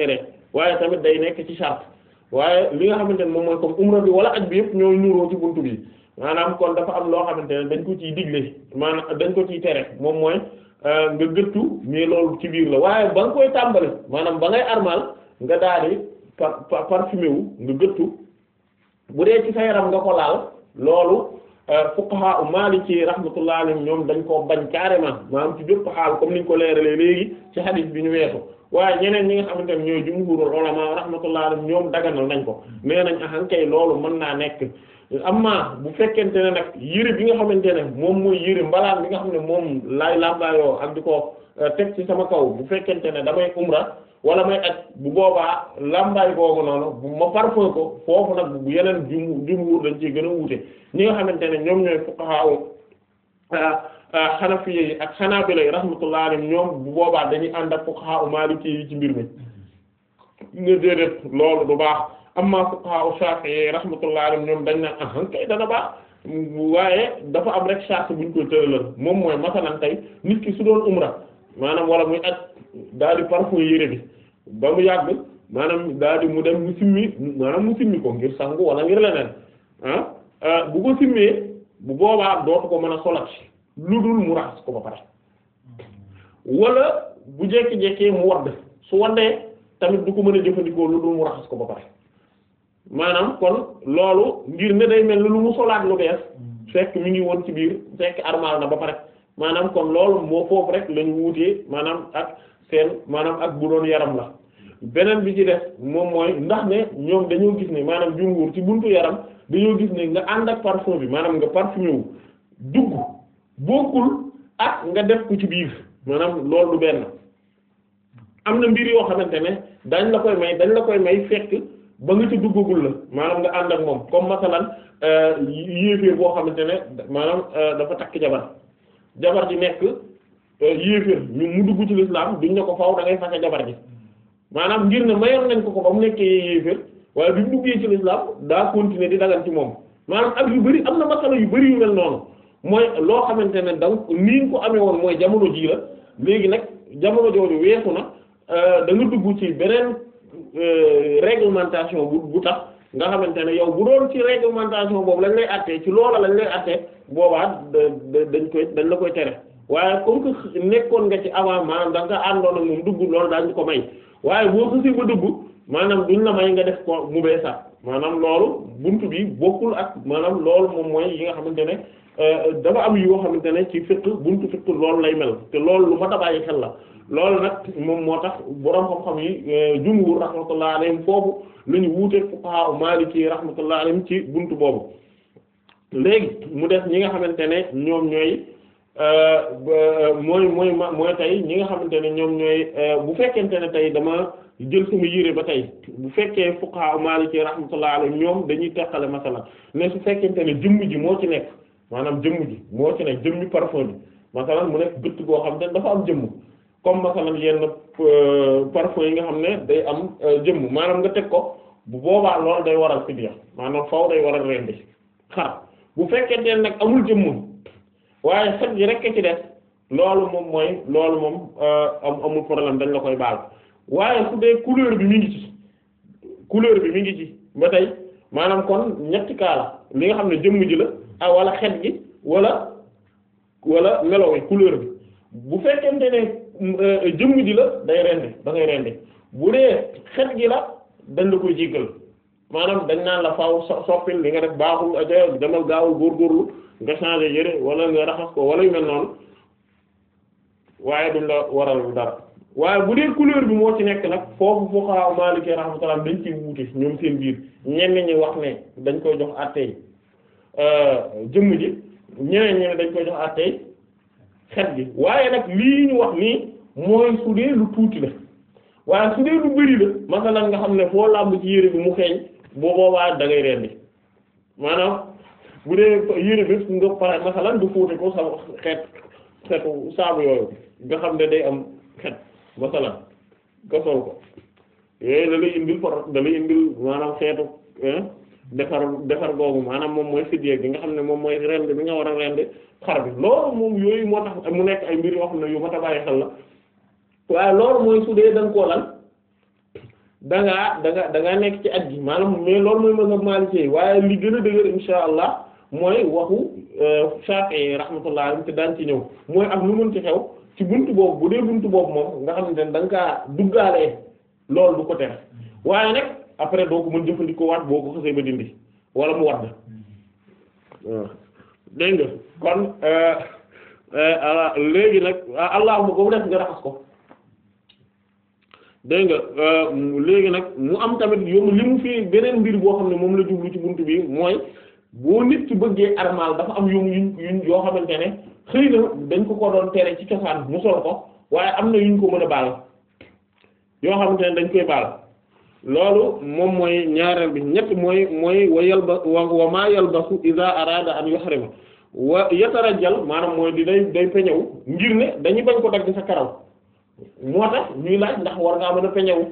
waaye tamit day nekk ci charte waaye li nga xamante ne moom mooy comme umra bi wala ak bi yëpp ñooy nuuroo ci buntu bi maanaam kon dafa am loo xamante ne dañ ko ciy digle maanaam dañ ko ciy tere moom mooy euh, nga gëttu mais loolu ci biir la waaye ba nga koy tàmbali maanaam ba ngay armal nga daal di par parfumé wu nga gëttu bu dee ci sa yaram nga ko laal loolu euh, fuqaha u maliki rahmatullah alayhim ñoom dañ koo bañ carrément maanaam ci bépp xaal comme niñ ko leeralee léegi ci hadith bi ñu weesu waaye ñeneen ñi nga xamante ne ñooy jumhurul ulama rahmatullahi alayhim ñoom daganal nañ ko nee nañ axan ah kay loolu mën naa nekk amma bu fekkente ne nag yëre bi nga xamante ne moom mooy yëre mbalaan bi nga xam ne moom laay làmbaayoo ak di ko euh, teg ci sama kaw bu fekkente ne damay umra wala may aj bu boobaa làmbaay googu noonu bu ma parfum ko foofu nag bu yeneen jum jumhur dañ ciy gën a wuute ñi nga xamante ne ñoom ñooy fuqaha xanafiye yi ak xanaabila yi rahmatullah alayhim ñoom bu boobaa dañuy ànd ak fuqaha u maliki yi ci mbir mi ne déedéet loolu du baax amma fuqaha u shafi'i rahmatullah alayhim ñoom dañ naan ahan kay waaye dafa am rek charte buñ koy su maanaam wala muy aj daal di parfum mu yàgg maanaam daal di mu dem mu simmi maanaam mu simmi ko ah, ah bu ko simmee bu boobaa dootu ko mën a solat lu dul mu raxas ko ba pare wala bu jekki-jekkee mu wadd su waddee tamit du ko mën a jëfandikoo lu dul mu raxas ko ba pare maanaam kon loolu ngir ne day mel lu mu solaat lu bees fekk mu ngi woon ci biir fekk armal na ba pare maanaam kon loolu moo foofu rek lañu wuutee maanaam ak seen maanaam ak bu doon yaram la beneen bi ci def moom mooy ndax ne ñoom dañoo gis ne maanaam junguur ci buntu yaram dañoo gis ne nga ànd ak parfum bi maanaam nga parfumé wu dugg bokkul ak nga def ko ci biir maanaam loolu du benn am na mbir yoo xamante ne dañ la koy may dañ la koy may fekk ba nga ci duggagul la maanaam nga ànd ak moom comme masalan euh, yéeféer boo xamante ne maanaam euh, dafa takk jabar jabar ji nekk euh, yéeféer ñu mu dugg ci lislaam duñ ne ko faw da ngay fase jabar ji maanaam ngir ne mayoon nañ ko ko ba mu nekkee yéeféer waaye bi mu duggee ci lislaam daa continuer di dagan ci moom maanaam ak yu bari am na masala yu bari yu mel noonu mooy loo xamante ne da ni ko amee woon mooy jamono ji la léegi nag jamono jooju weesu na euh, da nga dugg ci beneen euh, réglementation bu bu tax nga xamante ne yow bu doon ci réglementation boobu lañ lay àttee ci loola lañ lay àttee boobaa dañ koy dañ la koy tere waaye comme que nekkoon nga ci avant maanaam da nga àndoon ak moom dugg loolu daañu ko may waaye boo xasee ba dugg maanaam duñ la may nga def ko mu beesaat maanaam loolu buntu bi bokkul ak maanaam loolu yi nga xamante ne. Euh, dama am yoo xamante ne ci fiqh buntu fiqh loolu lay mel te loolu lu ma tabaayee xel la loolu nag moom moo tax boroom xam-xam yi euh, jumhur rahmatullah alayhim foofu la ñu wuuteeg fuqaha maliki rahmatullah alayhim ci buntu boobu léegi mu def ñi nga xamante ne ñoom ñooy euh, mooy mooy mooy tey ñi nga xamante ne ñoom ñooy bu fekkente ne tey dama jël sama yére ba tey bu fekkee fuqaha maliki rahmatullah alayhim ñoom dañuy teqale masala ne su fekkente ne jëmm ji moo ci nekk maanaam jëmm ji moo ci nekk jëmmi parfum bi masalan mu nekk gëtt goo xam te dafa am jëmm comme masalan yenn euh, parfum yi nga xam ne day am euh, jëmm maanaam nga teg ko bu boobaa loolu day waral fidya maanaam faw day waral rendi xar bu fekkente ne nag amul jëmmu waaye xet ji rekk ci des loolu moom mooy loolu moom euh, amul problème dañ la koy baal waaye su dee couleur bi mi ngi ci couleur bi mi ngi ci ba tey maanaam kon ñetti kaala li nga xam ne jëmm ji la ah wala xet gi wala wala melo yi couleur bi bu fekkente ne euh, jëmm ji la day rendi da ngay rendi bu dee xet gi la dañ la koy jéggal maanaam dañ naan la faaw soppil li nga def baaxul ajo ah, demal gaawul góorgóorlu nga changer yére wala nga raxas ko wala yu mel noonu waaye duñ la waral dara waaye bu dee couleur bi moo ci nekk nag foofu fuqaha Maliki rahmatullah dañ ñoom seen biir ñenn ñi wax dañ koy jox àttey euh, jëmm ji dañ koy jox àttey gi waaye nag lii wax nii mooy lu tuuti la waaye su dee lu nga xam ne foo làmb ci yére bi mu boo boobaa da ngay rendi maanaam bu dee bi nga pare masalan du ko sa xeet saabu yooyu nga xam ne day am xet masalan nga sol ko yooyu da indil por da indil maanaam xeetu eh, defar defar googu maanaam moom mooy fidye gi nga xam ne moom mooy rend bi nga war a rend xar bi loolu moom yooyu moo tax mu nekk ay mbir yoo xam ne yu mat a bàyyi xel la waaye loolu mooy su dee da nga koo lan da nekk ci at gi maanaam mais loolu mooy mën a maalise waaye li gën a dëgër insha allah mooy waxu eh, Shafi'i rahmatullah te daan ci ñëw mooy ak lu mën ci xew ci buntu boobu bu dee buntu boobu moom nga xamante ne da nga kaa duggaale loolu du ko tere waaye nag après doo ko mën jëfandikoo waat boo ko xasee ba dindi wala mu wadd hmm. dégg nga kon euh, euh, léegi nag ah, allahuma ko mu def nga raxas ko dégg nga euh, léegi nag mu am tamit yow li mu fi beneen mbir boo xam ne moom la jublu ci buntu bi mooy boo nit ci bëggee armal dafa am yomu yoo xamante ne xëy na dañ ko ko doon tere ci cosaan mu sol ko waaye am na yuñ ko mën a baal yoo xamante ne dañ koy baal moom mooy ñaareel bi ñett mooy mooy wa yalba wa ma yalbasu iza arada an wa yatarajal maanaam mooy di day day peñew ngir ne dañuy ko dagg sa karaw moo tax ñuy laaj ndax war ngaa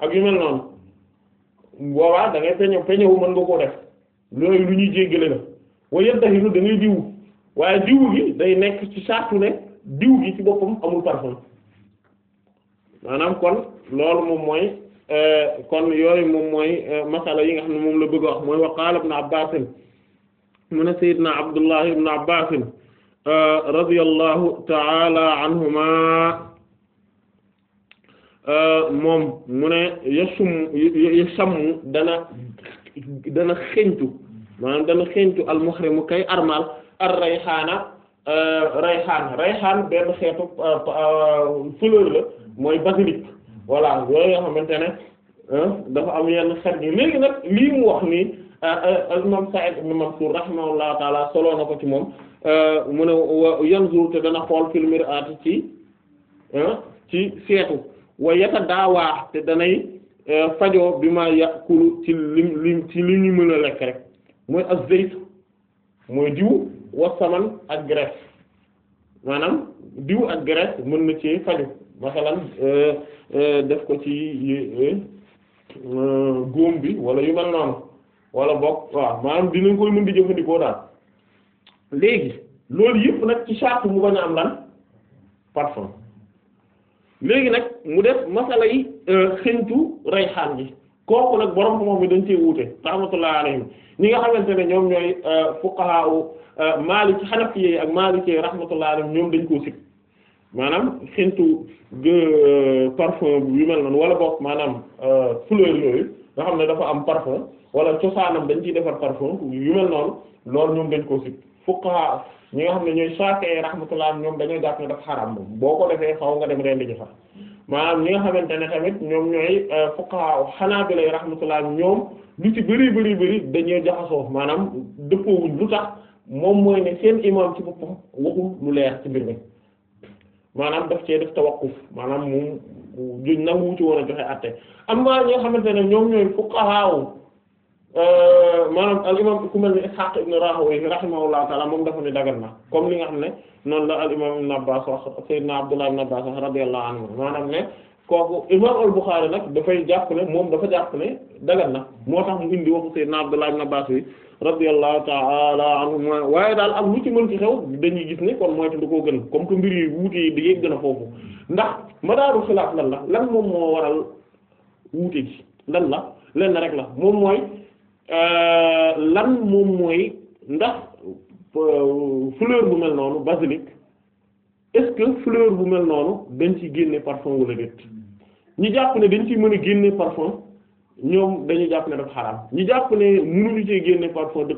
ak yu mel noonu boobaa da ngay peñew peñewu mën def loolu lu ñuy jéggale la wa yaddahiru da ngay waaye diw gi day nekk ci sartu ne diw gi ci boppam amul parfum maanaam kon loolu moom mooy euh, kon yooyu moom mooy euh, masala yi nga xam ne moom la bëgg a wax mooy wa qaala ibn Abbaas mu ne euh, moom mu ne yasum dana dana xeeñtu maanaam dana xeeñtu al kay armal ar euh, rayxaana rayxaan rayxaan benn xeetu euh, fleur la mooy basilic voilà yooyu nga xamante ne euh, dafa am yenn xeet gi léegi nag lii mu wax nii imam Sa'id ibn Mansur rahimahullahu taala soloo na ko ci moom mu ne yanzur te dana xool fil mir'at ci ci seetu wa yata daawaa te danay fajoo bi ma yàqulu ci lim lim ci li ñu mën lekk rek mooy az-zayt mooy diw wasaman ak graisse maanaam diw ak graisse mën na cee faju masalan euh, euh, def ko ci euh, góom bi wala yu mel noonu wala bokk waaw maanaam dinañ koy mën di jëfandikoo daal léegi loolu yëpp nag ci charte mu bañ a am lan parfum léegi nag mu def masala yi xëntu rayxaan gi kooku nag borom ko moom mi dañ cee wuute rahmatullah alayhim ñi nga xamante ne ñoom ñooy fuqahaa Euh, Maliki Hanafi ak Maliki rahmatullahi alayhim ñoom dañ koo sib maanaam xintu euh, parfum yu mel noonu wala boog maanaam euh, fleur yooyu nga xam ne dafa am parfum wala cosaanam dañ ciy defar parfum yu mel noonu lool ñoom dañ koo sib fuqaha ñi nga xam ne ñooy Shafi'i rahmatullah ñoom dañoo jàpp ne dafa xaraam moom boo ko defee xaw nga dem rendi ji sax maanaam ñi nga xamante ne tamit ñoom ñooy fuqaha Hanabila rahmatullah ñoom lu ci bëri bëri bëri dañoo jaxasoo maanaam dëppoo wuñ lu tax. moom mooy ne seen imam ci boppam waxul lu leer ci mbir maanaam daf cee def tawaqquf maanaam moom ju mu ci woon a joxe àtte am na ñoo xamante ne ñoom ñooy fuqahaa euh, maanaam al imam ku mel ni Ishaq ibn Rahawayh rahimahullahu ta'ala comme li nga xam ne noonu la al imam ibn Abbas maanaam ne kooku imam al-Bukhari nag dafay jàpp ne moom dafa jàpp ne dagan na moo tax mu indi waxu sayyidina Abdullah ibn Abbas bi radiyallahu ta'ala anhuma waaye daal am lu ci mën ci xew dañuy gis ni kon moytu du ko gën comme que mbir yi wuute yi di yegg gën a foofu ndax madaaru xilaaf lan la lan moom moo waral wuute gi lan la lenn rek la moom mooy euh, lan moom mooy ndax euh, fleur bu mel noonu basilic est-ce que fleur bu mel noonu dañ ci génne parfum wala déet ñu jàpp ne dañ ci mën a génne parfum ñoom dañuy jàpp ne dafa xaraam ñu jàpp ne mënuñu ci génne par force de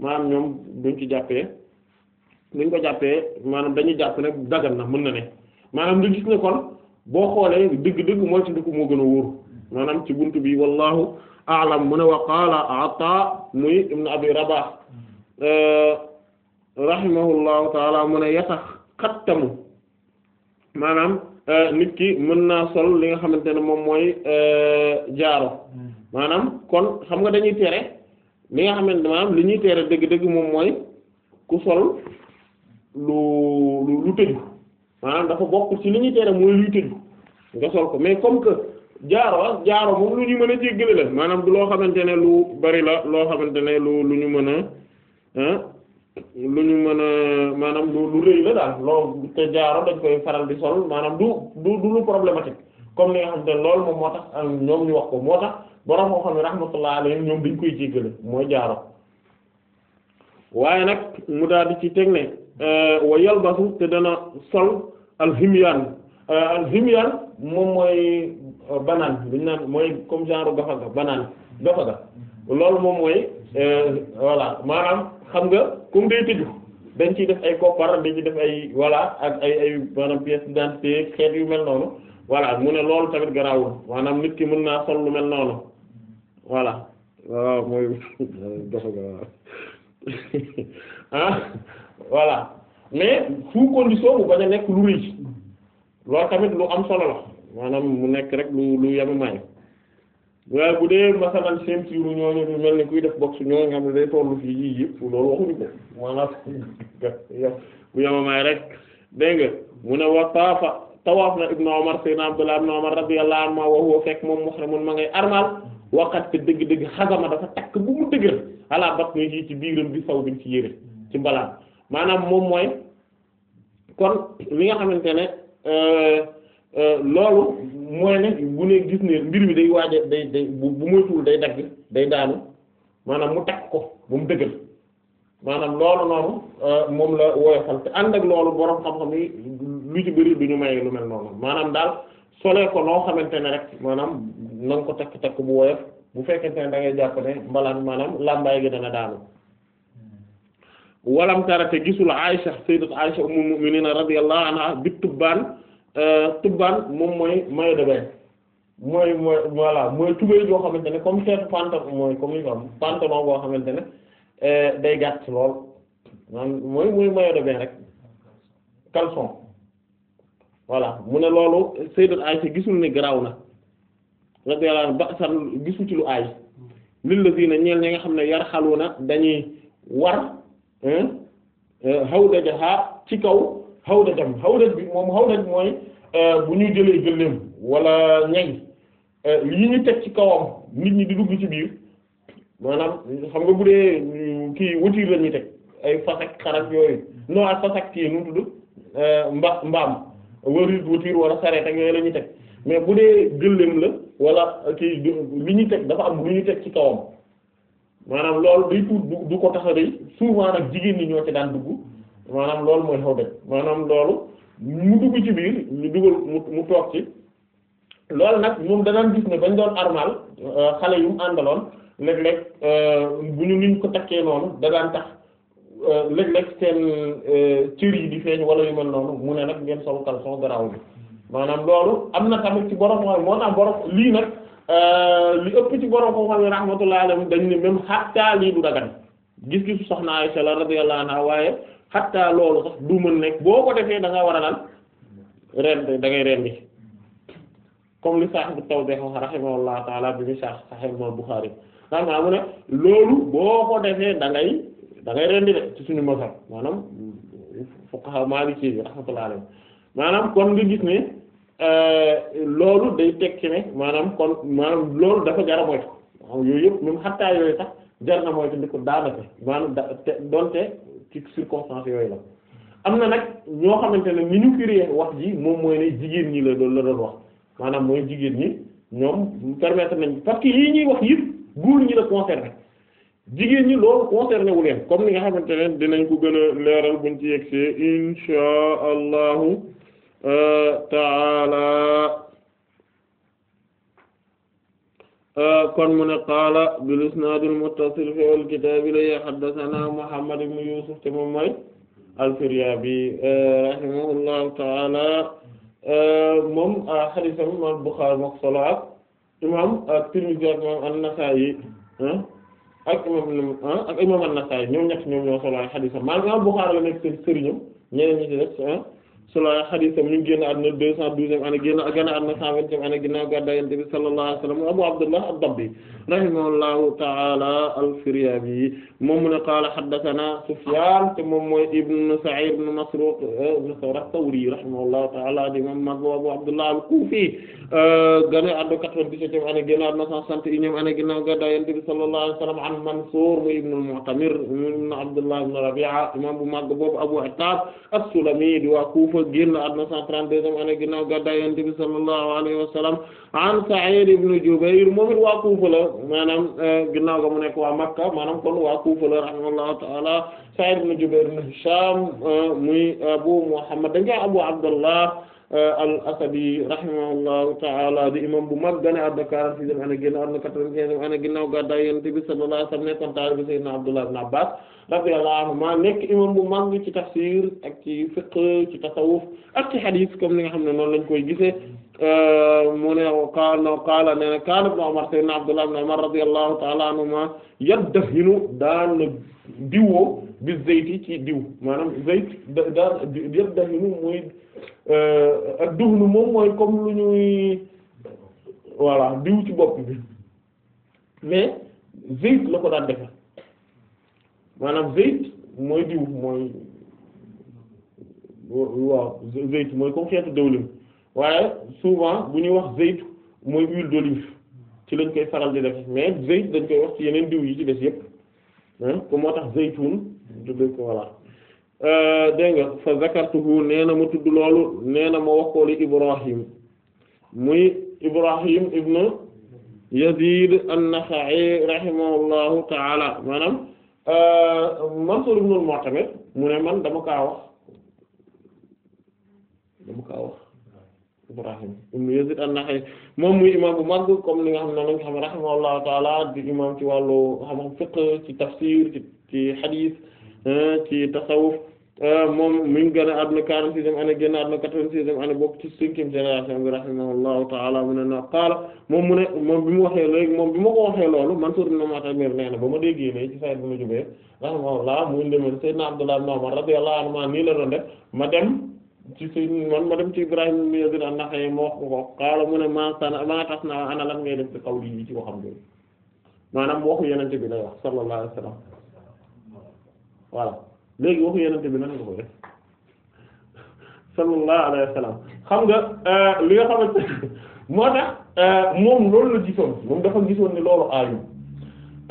ñoom duñ ci jàppee duñ ko jàppee maanaam dañuy jàpp ne dagan na mën na ne maanaam lu gis ne kon boo xoolee dëgg-dëgg mooy ci ndëkku moo gën a wóor maanaam ci bunt bi wallahu a'lam mu ne wa qaala Ataa muy ibn Abi Rabaah rahimahullahu taala mu ne yatax xattamu maanaam Euh, nit ki mën naa sol li nga xamante ne moom mooy euh, jaaro hmm. maanaam kon xam nga dañuy tere li nga xamante ne maanaam li ñuy tere dëgg-dëgg moom mooy ku sol lu lu lu tëju maanaam dafa bokk ci li ñuy tere mooy luy tëju nga sol ko mais comme que jaaro jaaro moom lu ñu mën a jéggale la maanaam du loo xamante ne lu bari la loo xamante ne lu lu ñu mën a lu ñu mën a maanaam lu lu rëy la daal loolu te jaaro dañ koy faral di sol maanaam du du du lu problématique comme li nga xam te loolu moom moo tax ñoom ñu wax ko moo tax borom moo xam ne rahmatullah alayhi ñoom dañ koy jéggale mooy jaaro nag mu daal di ci teg ne euh, wa yalbasu te dana sol alhimyaan euh, alhimyaan moom mooy euh, banaan luñu naan mooy comme genre gafa banaan gafa ga moom mooy Euh, voilà maanaam xam nga comme day tëju dañ ciy def ay koppar dañ ciy def ay voilà ak ay ay maanaam pièce d'identité xeet yu mel noonu voilà mu ne loolu tamit garaawul maanaam nit ki mën naa sol lu mel noonu voilà waaw mooy dafa garaaw ah voilà mais sous condition bu bañ a nekk lu rëy loolu tamit lu am solo la maanaam mu nekk rek lu lu yemamaayu. waaye bu dee masalan ceinture ñooñu du mel ni kuy def boxe ñooñu nga xam ne day tollu fii yii yëpp loolu waxuñu ko maanaam bu yamamaay rek dégg nga mu ne wa taafa na ibnu Umar sayyidina Abdullah ibnu Umar radiyallahu wa huwa fekk moom ma ngay armal waqat te dëgg-dëgg xasama dafa takk bu mu dëgër ala bat na ci biiram bi saw bi ci yére ci mbalaan maanaam moom mooy kon li nga xamante ne euh, Euh, loolu mooy ne bu ne gis ne mbir mi day waaje day day bu moytuwul day dagg day daanu maanaam mu takk ko ba mu dëggal maanaam loolu noonu euh, moom la woyofal te ànd ak loolu borom xam-xam yi lu ci bëri du ñu maye lu mel noonu maanaam daal solee ko noo xamante ne rek maanaam na ko takk takk bu woyof bu fekkente ne dangay ngay jàpp ne mbalaan maanaam làmbaay gi dana daanu walam tara te gisul Aisha sayyidat Aisha ummul mu'minin radiyallahu anha bi tubbaan Euh, tubbaan moom mooy maillot de bain mooy mooy voilà mooy tubéy boo xamante ne comme xeetu pantalon boo xamante ne euh, day gàtt lool maanaam mooy mooy maillot de bain rek caleçon voilà mu ne loolu Sayyidatu Aysa gisul ne garaaw na radiyallahu ba san gisu ci lu aay lil la sii na ñeel ñi nga xam ne yar xalu na dañuy war xaw euh, dajaxaa ci kaw hawdatan hawdat bi moom hawdat mooy euh, bu ñu jëlee gëléem walla ñay euh, li ñu teg ci kawam nit ñi di dugg ci biir maanaam xam nga bu dee mm, kii watiir la ñuy teg ay fas ak yooyu non ak fas kii nu mu tudd euh, mba mbaam wari watiir wala sareet ak yooyu lañuy ñuy teg mais bu dee gëléem la wala kii li ñuy teg dafa am lu ñu teg ci kawam maanaam loolu day tuut du ko tax rëy souvent ak jigéen ñi ñoo ci daan dugg. maanaam loolu mooy xaw daj maanaam loolu mu dugg ci biir ñu dugal mu mu toog ci loolu nag moom danaan gis ne bañ doon armal euh, xale yu mu àndaloon léeg-léeg euh, bu ñu niñ ko takkee noonu da daan tax euh, léeg-léeg seen cër yi di feeñ wala yu mel noonu mu ne nag ngeen sol caleçon garaaw bi maanaam loolu am na tamit ci borom xam moo tax borom lii nag li ëpp ci borom ko xam ne rahmatullahi alayhi dañ ne même xattaa lii du dagan gis-gisu soxna Aysa la radiyallahu anha waaye xatta loolu sax du mën nekk boo ko defee da nga war a lan rendi da ngay rendi comme li saahibu Tawdih rahimahullahu taala bi mi sah Sahih Bukhari maanaam mu ne loolu boo ko defee da ngay da ngay rendi de ci suñu masal maanaam fuqaha maliki bi rahmatullahi alayhi maanaam kon nga gis ne euh, loolu day tekki ne maanaam kon maanaam loolu dafa jar a moytu yooyu yëpp même xattaa yooyu sax jar na moytu ndi ko daanaka maanaam da te donte ci circonstances yooyu la am na nag ñoo xamante ne ni ñu firee wax ji moom mooy ne jigéen ñi la doon la doon wax maanaam mooy jigéen ñi ñoom permettre nañ parce que yii ñuy wax yëpp góor ñi la concerné jigéen ñi loolu concerné wu leen comme ni nga xamante ne dinañ ko gën a leeral buñ ci yegsee insha allahu euh, taala Euh, kon mu ne qaala bil isnaadil muttasil fi al kitaab la haddasanaa Muhammad ibn Yuusuf te moom mooy al-Firyaabi euh, rahimahullahu ta'ala euh, moom hadiisam imaam Buxaari moo ko solo ak imaam Tirmidhi ak imaam ak imaam ak imaam ñoom ñett ñoom ñoo solo ak hadiisam maanaam imaam Buxaari la nekk seen sëriñam ci def solo xadisam ñu ngi génn àdduna deux cent douzième année génn génn àdduna cent vingtième année ginnaaw gàddaay Yonent bi sallallahu alayhi wa sallam Abu Abdullah ad-Dabbi rahimahullahu ta'ala al-Firyaabi moom mu ne qaala haddathana Sufyaan te moom mooy ibn Sa'iid ibn Masruuq ibn Thawr ath-Thawri rahimahullahu ta'ala di imam mag Abu Abdullah al-Kuufi génn àdduna quatre-vingt-dix-septième année génn àdduna cent soixante-et-unième année ginnaaw gàddaay Yonent bi sallallahu alayhi wa sallam an Mansuur mu ibn al-Mu'tamir ibn Abdullah ibn Rabi'a imam bu mag boobu Abu Attaab as-Sulami di waa Kuufa Kufa génn àdduna 132e année ginnaaw gàddaay Yonent bi sallallahu alayhi wa sallam an Sa'id ibn Jubayr moom it waa Kufa la maanaam eh, ginnaaw ga mu nekk waa Makka maanaam kon waa Kufa la rahimahullahu ta'ala Sa'id ibn Jubayr ibn Hisham eh, muy Abu Muhammad dañu Abu Abdullah Euh, al asadi rahimahullahu ta'ala di imam bu mag gane adna quarante-sixième année génn adna quatre-vingt-quinzième année ginnaaw gàddaay Yonent bi sallallahu alayhi wa sallam nekkoon taalibe Sayyidina Abdullah ibn Abbas radiyallahu anhuma nekk imam bu mag ci tafsir ak ci fiqh ci tasawuf ak ci hadith comme ni nga xam ne noonu lañ koy gisee euh, mu ne qaala qaala nee na kaana ibn Umar Sayyidina Abdullah ibn Umar radiyallahu ta'ala anhuma yaddahinu bi zayti ci diw maanaam zayt da daa yëpp dahinu mooy euh, ak duhnu moom mooy comme lu ñuy voilà diw ci bopp bi mais zayt la ko daan defe maanaam zayt mooy diw mooy waaw zayt mooy comme xeetu dëwlin waaye souvent bu ñuy wax zayt mooy huile d'olive ci lañ koy faral di def mais zayt dañ koy wax ci yeneen diw yi ci des yépp comme moo tax zaytun tudd ko voilà euh, dégg nga fa zakartuhu nee ma tudd loolu nee na ma wax Ibrahim muy Ibrahim ibn Yazid an-Nakha'i rahimahullahu ta'ala maanaam euh, Mansur ibn mu man dama kaa wax dama kaa mag comme li nga xam ne nañ xam rahimahullahu ta'ala di imam ci wàllu xam-xam ci tafsir ci ci Euh, ci tasawuf euh, moom mi ngi gën a àdduna 46e année génn àdduna bokk ci cinquième génération bi rahimahullahu ta'ala mu ne na qaala moom mu ne moom bi mu waxee moom bi ma ko waxee loolu Mansuur ibn Mu'tamir ma déggee léegi mu ndemel Seydina Abdullah ibn Umar radiyallahu anhuma nii ma dem ci Seydina man ma dem ci Ibrahim ibn Yaziid an-Nakha'i ma wax ko qaala mu ne ma sana tas naa ana lan ngay ci qawli yi ci waxam jooju maanaam waxu Yonent bi lay wax sallallahu alayhi voilà léegi waxu yenente bi nan nga koy def sallallahu xam nga euh, li nga xamante moo tax euh, moom loolu la gisoon moom dafa gisoon ni loolu aayum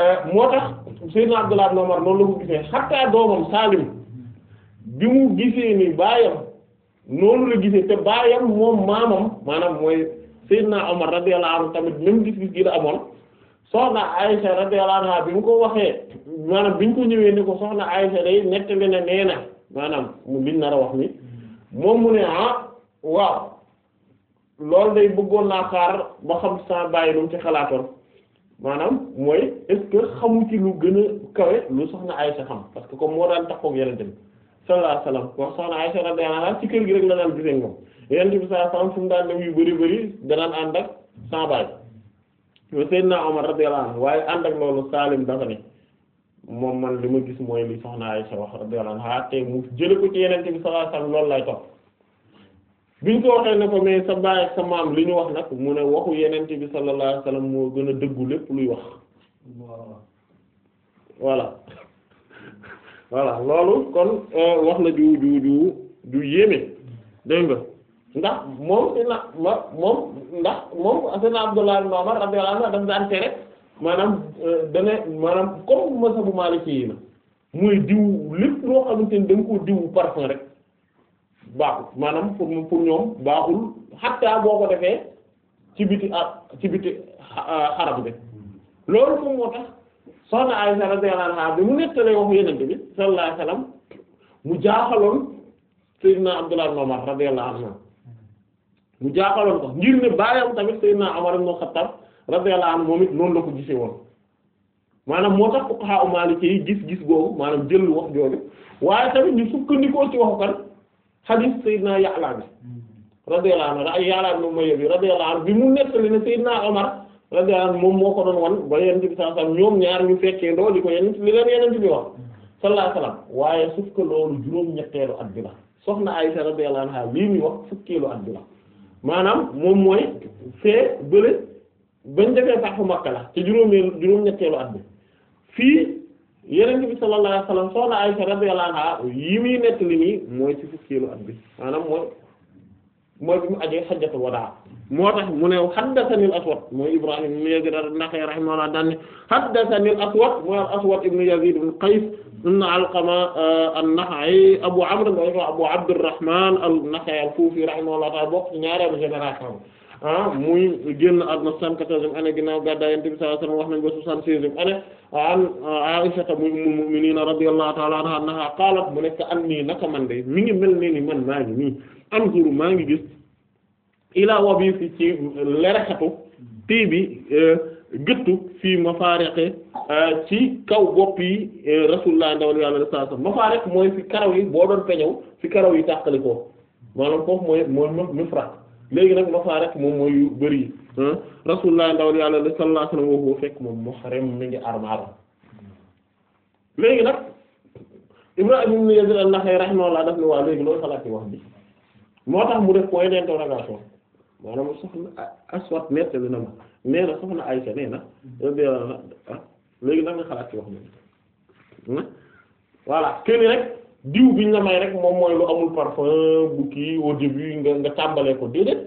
euh, moo tax Seydina Abdullah ibn Umar noonu la ko gisee xataa doomam Saalim bi mu gisee ni baayam noonu la gisee te baayam moom maamam maanaam mooy Seydina Umar radiyallahu anhu tamit même gis-gis gi la amoon soxna Aysa radiyallahu anha bi mu ko waxee maanaam bi ñu ko ñëwee ni ko soxna Aysa day nettali na nee maanaam mu liñ nar a wax mi moom mu ne ah waaw loolu day bëggoon naa xaar ba xam sa bàyyi lu ci xalaatoon maanaam mooy est-ce que xamu ci lu gën a kawe lu soxna Aysa xam parce que comme moo daan taxaw ak yeneen tamit sallallahu alayhi wasallam wax soxna Aysa gi rek la daan gisee moom yeneen bi sallallahu mu daan dem yu bari bari danaan ànd ak sa bàyyi Seydina Omar radiyallahu anhu waaye ànd ak loolu Salim dafa ne moom man li ma gis mooy li soxna Aysa wax radiyallahu anha te mu jële ko ci yeneen bi sallallahu alayhi wasallam loolu ko waxee ne sa baay ak sa maam li ñu wax nag mu ne waxu yeneen bi sallallahu alayhi wasallam moo gën a dëggu lépp luy wax voilà voilà loolu kon euh, wax na ju ju ju yéeme dégg ndax moom dina ma moom ndax moom Seydina Abdullah ibn Umar radiyallahu anhu daf daan tere maanaam euh, dana maanaam comme mazhabu Maliki yi na mooy diw lépp loo xamante ni nga koo diw parfum rek baaxul maanaam pour pour ñoom baaxul xattaa boo ko defee ci biti ah, ci biti ah, xarab bi loolu moom moo tax soxna Aysa radiyallahu anha bi mu nettalee waxu yenente bi sallallahu alayhi mu jaaxaloon Seydina Abdullah ibn Umar radiyallahu anhu mu jaaxaloon ko ngir ne baayam tamit Seydina Umar ibn moom it noonu la ko gisee woon maanaam moo tax fuqaha maliki yi gis-gis googu maanaam jël wax jooju waaye tamit ñu sukkandikoo ci waxu kan hadith Seydina Ya'la bi radiyallahu anhu ay Ya'la ibn Umayya bi radiyallahu anhu bi mu nettali ne Seydina Umar radiyallahu moom moo ko doon wan ba Yonent bi sallallahu alayhi ñoom ñaar ñu fekkee doo di ko Yonent li leen Yonent bi wax sallallahu waaye suuf que loolu juróom soxna bi la maanaam moom mooy fee bële bañ defee fathu Makka la ci juróomee juróom-ñetteelu at bi fii yeneen bi sallallahu alayhi wasallam soxna Aysa radiyallahu anha yi muy nettali nii mooy ci fukkeelu at bi maanaam mooy mooy bi mu ajee xajjatul wadaa moo tax mu ne haddathani aswad mooy ibrahim ibn yazid an-naqi rahimahullah daan ne haddathani aswad mooy aswad ibn yazid ibn qays ibn alqama euh, an-naxa'i abu amr abu abdurrahman an-naxa'i al-kufi rahimahullah ta'ala bokk ci ñaareelu génération ah muy génn àdduna 74e année ginnaaw gàddaay Yonent bi sallallahu alayhi wasallam wax nañu ba 76e année an Aisha ummul mu'minin radiyallahu ta'ala anha qalat mu nekk annii naka man de mi ngi mel ne ni man maa ngi nii anzuru maa ngi gis ilaa wabi fi ci lerexetu tii bi euh, gëttu fii mafaariqe euh, ci kaw bopp yi euh, rasulullah ndawal yàlla sallallahu alayhi wasallam mafaariq mooy fi karaw yi boo doon peñaw fi karaw yi tàqalikoo maanaam foofu mooy mooy mifraq léegi nag mafaariq moom mooy yu bëri yi rasulullah ndawal yàlla sallallahu alayhi wasallam woo fekk moom muharram mi ngi armaram léegi nag Ibrahim ibn Yazid an-Nakha'i rahimahullah daf ne waa léegi loolu xalaat yi wax bi moo tax mu def point d'interrogation maanaam soxna aswat nettali na ma nee na soxna Aysa nee na radiyallahu anha ah, léegi nan nga xalaat ci wax moom voilà kenn rek diw biñ la may rek moom mooy lu amul parfum bu kii au nga nga tàmbalee ko déedéet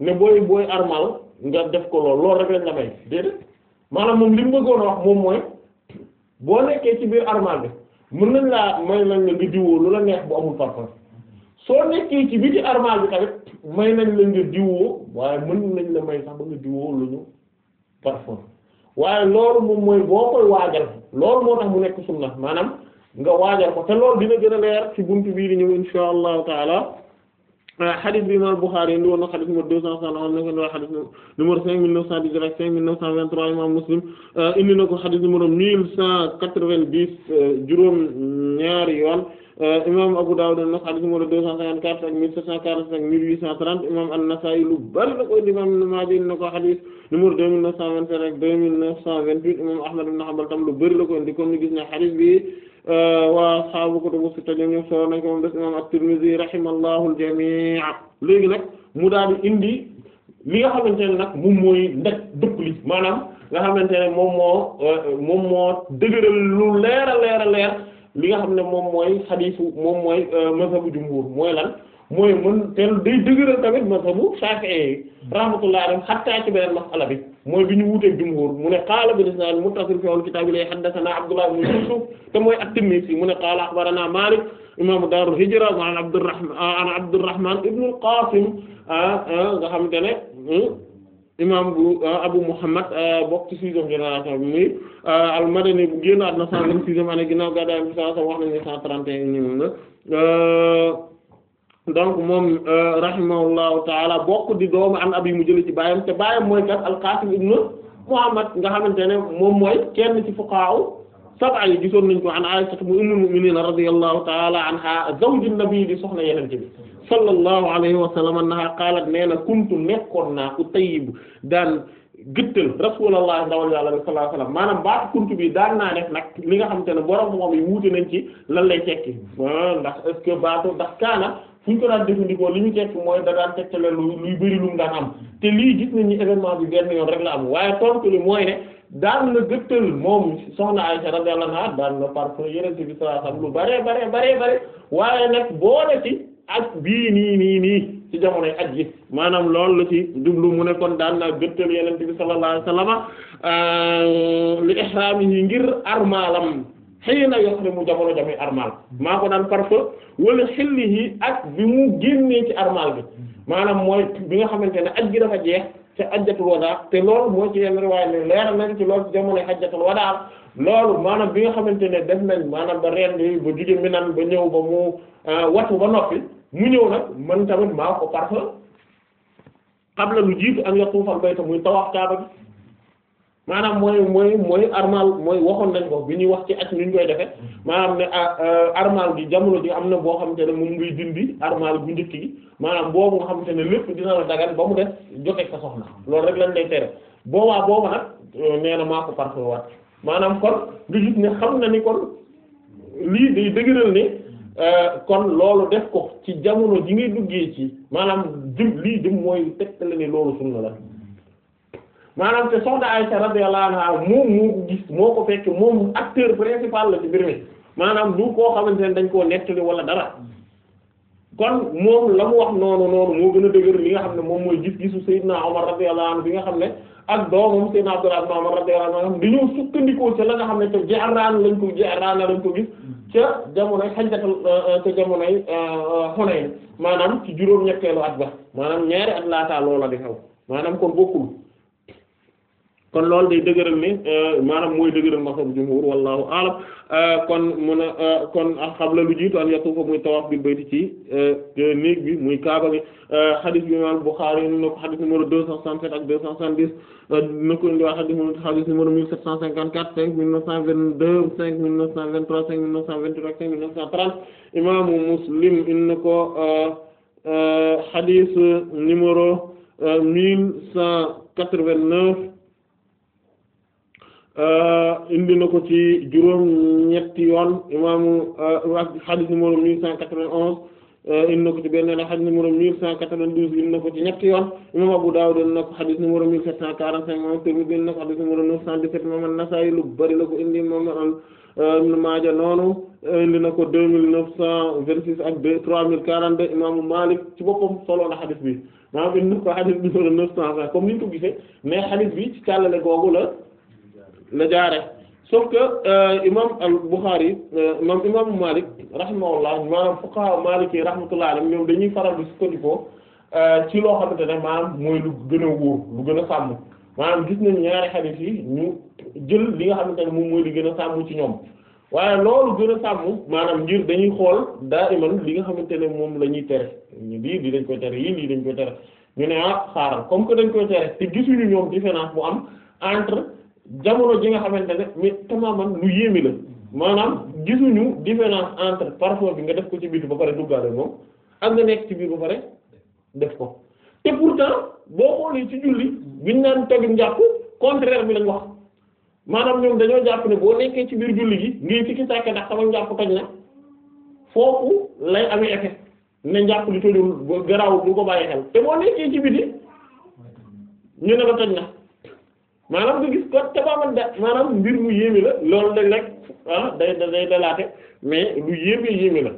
ne booy booy armal nga def ko lool loolu rek lañ la may déedéet maanaam moom li mu bëggoon wax moom mooy boo nekkee ci biir armal bi mën nañ laa may nañ la nga diwoo lu la neex bu amul parfum soo nekkee ci biti armal bi tamit may nañ la nga diwoo waaye mën nañ la may sax ba nga diwoo lu ñu parfum waaye loolu moom mooy boo koy waajal loolu moo tax mu nekk sunna maanaam nga waajal ko te loolu dina gën a leer ci buntu bii di ñëw insha allahu taala xadis euh, bi imam Bukhari indi woon na xadis numéro deux cent soixante neuf waa xadis numéro neuf cent dix ak cinq neuf cent vingt trois imam Muslim euh, indi na ko xadis numéro mille cent quatre-vingt-dix euh, juróom ñaari yoon imam Abu Dawud na xadis numéro deux cent cinquante-quatre ak mille sept cent quarante-cinq mille huit cent trente imam An-Nasa'i lu bari na ko indi imam Ibn indi na ko xadis numéro deux mille neuf cent vingt-sept deux mille neuf cent vingt-huit imam Ahmad Euh, waa ashaabu kutubu sitta ñoom ñoom solo nañ ko moom des imam at-Tirmidhi rahimahullahu léegi nag mu daal di indi li nga xamante ne nag moom mooy ndaj dëpp li maanaam nga xamante ne moom moo euh, moom moo dëgëral lu leer a leer a leer li nga xam ne moom mooy xadiisu moom mooy euh, mazhabu jumhur mooy lan mooy mën te day dëgëral tamit mazhabu Shafi'i rahmatullahi alayhi xattaa ci beneen masala bi mooy bi ñu wuuteeg jumhur mu ne qaala bil isnaad muttasil fi al-kitaab li haddathanaa Abdullah ibn Yusuf te mooy at mu ne qaala akhbaranaa Maalik imaamu daaru hijra an Abdurrahmaan an Abdurrahmaan ibn al ah, ah, nga xamante ne hmm, imaam bu ah, Abu Muhammad bokk ci sixième génération bi muy al-Madani bu génnaat na cent vingt-sixième année ginnaaw gàddaay bi wax nañu ne cent trente et un donc moom euh, rahimahullahu taala bokk di doomu an abi mu jële ci baayam te baayam mooy kat al-Qasim Muhammad nga xamante ne moom mooy kenn ci fuqahaa sab'a yi gisoon nañ ko an Aisha mu ummul mu'minin radiyallahu taala anha zawjun nabi di soxna yeneen bi sallallahu alayhi wa sallam annaha qaalat nee na kuntu nekkoon naa utayyib daan gëttal rasulullah ndawal yàlla sallallahu alayhi maanaam baatu kuntu bi daan naa def nag li nga xamante ne borom moom yi wuute nañ ci lan lay tekki ndax est kaana suñ ko daan jëfandikoo li ñu tekk mooy da daan tegtale lu luy bëri lu mu daan am te lii gis nañ ni événement bi benn yoon rek la am waaye tontu li mooy ne daan na gëttal moom soxna Aysa radiyallahu anha daan na parfum yeneen bi sallallahu alayhi wasallam lu bare bare bare bare waaye nag boole ci ak bii nii nii nii ci jamonoy aj ji maanaam loolu la ci jublu mu ne kon daan na gëttal yeneen bi sallallahu alayhi wasallam euh, li ihraam yi ngir armaalam xëy na yos ne mu jamono jamee armal maa ko daan par feu wala yi ak bi mu génnee ci armal bi maanaam mooy bi nga xamante ne ak gi dafa jeex ci ajjatul wadaa te loolu moo ci yenn riwaay ne leer nañ ci loolu ci jamono ajjatul wadaa loolu maanaam bi nga xamante ne def nañ maanaam ba reen yi ba jóge mi nan ba ñëw ba mu euh, watu ba noppi mu ñëw nag man tamit maa ko par qabla lu jiitu ak yatuufal bayta muy tawaaf kaaba bi maanaam mooy mooy mooy armal mooy waxoon nañ ko bi ñuy wax ci at ñu koy defee mm-hmm. maanaam ne ah, euh, armal gi jamono ji am na boo xamante ne moom ngay dindi armal bu njëkk gi maanaam boobu nga xamante ne lépp dina la dagan ba mu def joteeg sa soxna loolu rek lan lay tere boobaa booba nag euh, nee na maa ko parfait waat maanaam kon nga gis xam na ni kon lii day dëgëral ne euh, kon loolu def ko ci jamono ji ngay duggee ci maanaam jëm lii jëm mooy tegtale ne loolu sunna la maanaam te soxna Aysa radiyallahu anha moom moo ko gis moo ko fekk moom acteur principal la ci mbir mi maanaam du koo xamante ne dañ koo nettali wala dara kon moom la mu wax noonu noonu moo gën a dëgër li nga xam ne moom mooy gis-gisu Seydina Omar radiyallahu anhu bi nga xam ne ak doomam Seydina Abdullah ibn Omar radiyallahu anhu dañoo sukkandikoo ca la nga xam ne te Ji'raan lañ ko Ji'raan lañ ko gis ca jamonoy xajjatal euh, ca jamonoy euh, Hunayn maanaam ci juróom-ñetteelu laataa loola di xew maanaam kon loolu day dëgëral ne euh, maanaam mooy dëgëral masab jumhur wallahu aalam euh, kon mun a euh, kon xabla lu jiitu an yatuufa muy tawaaf bil bayti ci néeg bi muy kaaba bi xadis bi imam Bukhari na ko xadis numéro deux cent soixante-sept ak deux cent soixante-dix na ko indi waa xadis numéro xadis numéro mille sept cent cinquante-quatre cinq mille neuf cent vingt-deux cinq mille neuf cent vingt imaamu Muslim indi na ko xadis numéro mille cent quatre-vingt-neuf Euh, indi na ko ci juróom ñetti yoon imaamu hadith euh, numéro mille cent quatre-vingt-onze euh, indi na ko ci benn hadith numéro mille cent quatre-vingt-douze indi na ko ci ñetti yoon imam Abu Dawud indi na ko hadith numéro mille sept cent quarante-cinq imam Tirmidhi indi na ko hadith numéro neuf cent dix-sept imam An-Nasa'i lu bari la ko indi imam Ibn Maaja noonu indi na ko deux mille neuf cent vingt-six ak trois mille quarante-deux imaamu Maalik ci boppam solo na hadith bi maanaam indi na ko hadith numéro neuf cent bi ci càllale la la jaare sauf que euh, imam al-Bukhari euh, moom imam Malik rahimahullah maanaam fuqaha Maliki rahmatullah alayhi ñoom dañuy faral di sukkandikoo euh, ci loo xamante ne maanaam mooy lu gën a wóor lu gën a sàmm maanaam gis nañ ñaari xadiis yi ñu jël li nga xamante ne moom mooy li gën a sàmm ci ñoom waaye loolu gën a sàmm maanaam ngir dañuy xool daa iman li nga xamante ne moom la ñuy ñu lii lii dañ koy tere yii lii dañ koy tere ñu ne ah comme que dañ koy tere te gisuñu ñoom différence bu am entre jamono ji nga xamante ne mais tamaman lu yéeme la maanaam gisuñu différence entre parfum bi nga def ko ci biir ba pare duggaale moom ak nga nekk ci biir ba pare def ko te pourtant boo xoolee ci julli biñ naan togg njàpp contraire bi lañ wax maanaam ñoom dañoo jàpp ne ci biir julli gi ngay fikki sàkke ndax sama njàpp toj na foofu lay amee effet ne njàpp li tojul garaawul bu ko bàyyi xel te boo nekkee ci biti ñu ne la toj na maanaam nga gis ko tabaaban maanaam mbir mu yéeme la loolu la rek ah day day dalaate mais lu yéeme yéeme la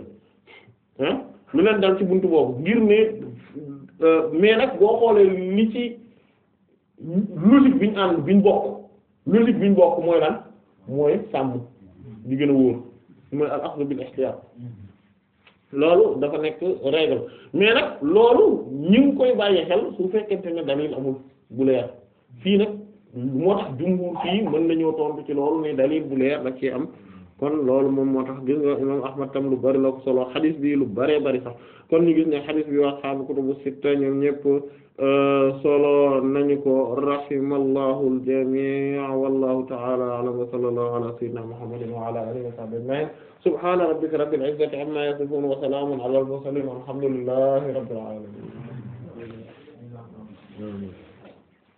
ah, lu leen dal ci bunt boobu ngir ne euh, mais nag boo xoolee li ci logique bi ñu ànd bi ñu bokk logique bi ñu bokk mooy lan mooy sàmm di gën a wóor mooy al loolu dafa nekk règle mais nag loolu ñi ngi koy bàyyi xel su fekkente ne dalil amul bu leer fii nag. moo tax jumhur fii mën nañoo tontu ci loolu ne dalil bu leer da ci am kon loolu moom moo tax gis nga imam ahmad tam lu bari la ko solo xadis bii lu bëree bari sax kon ñu gis ne xadis bi waa saabu kutubu sitta ñoom ñëpp euh, solo nañu ko rahimallahu aljamii wallahu ta'ala a'lam wa sallallahu ala sayyidina muhammadin wa ala alihi wa sahbihi ajma'in subhana rabbika rabbil izzati amma yasifun wa salamun ala al mursalin walhamdulillahi rabbil alamin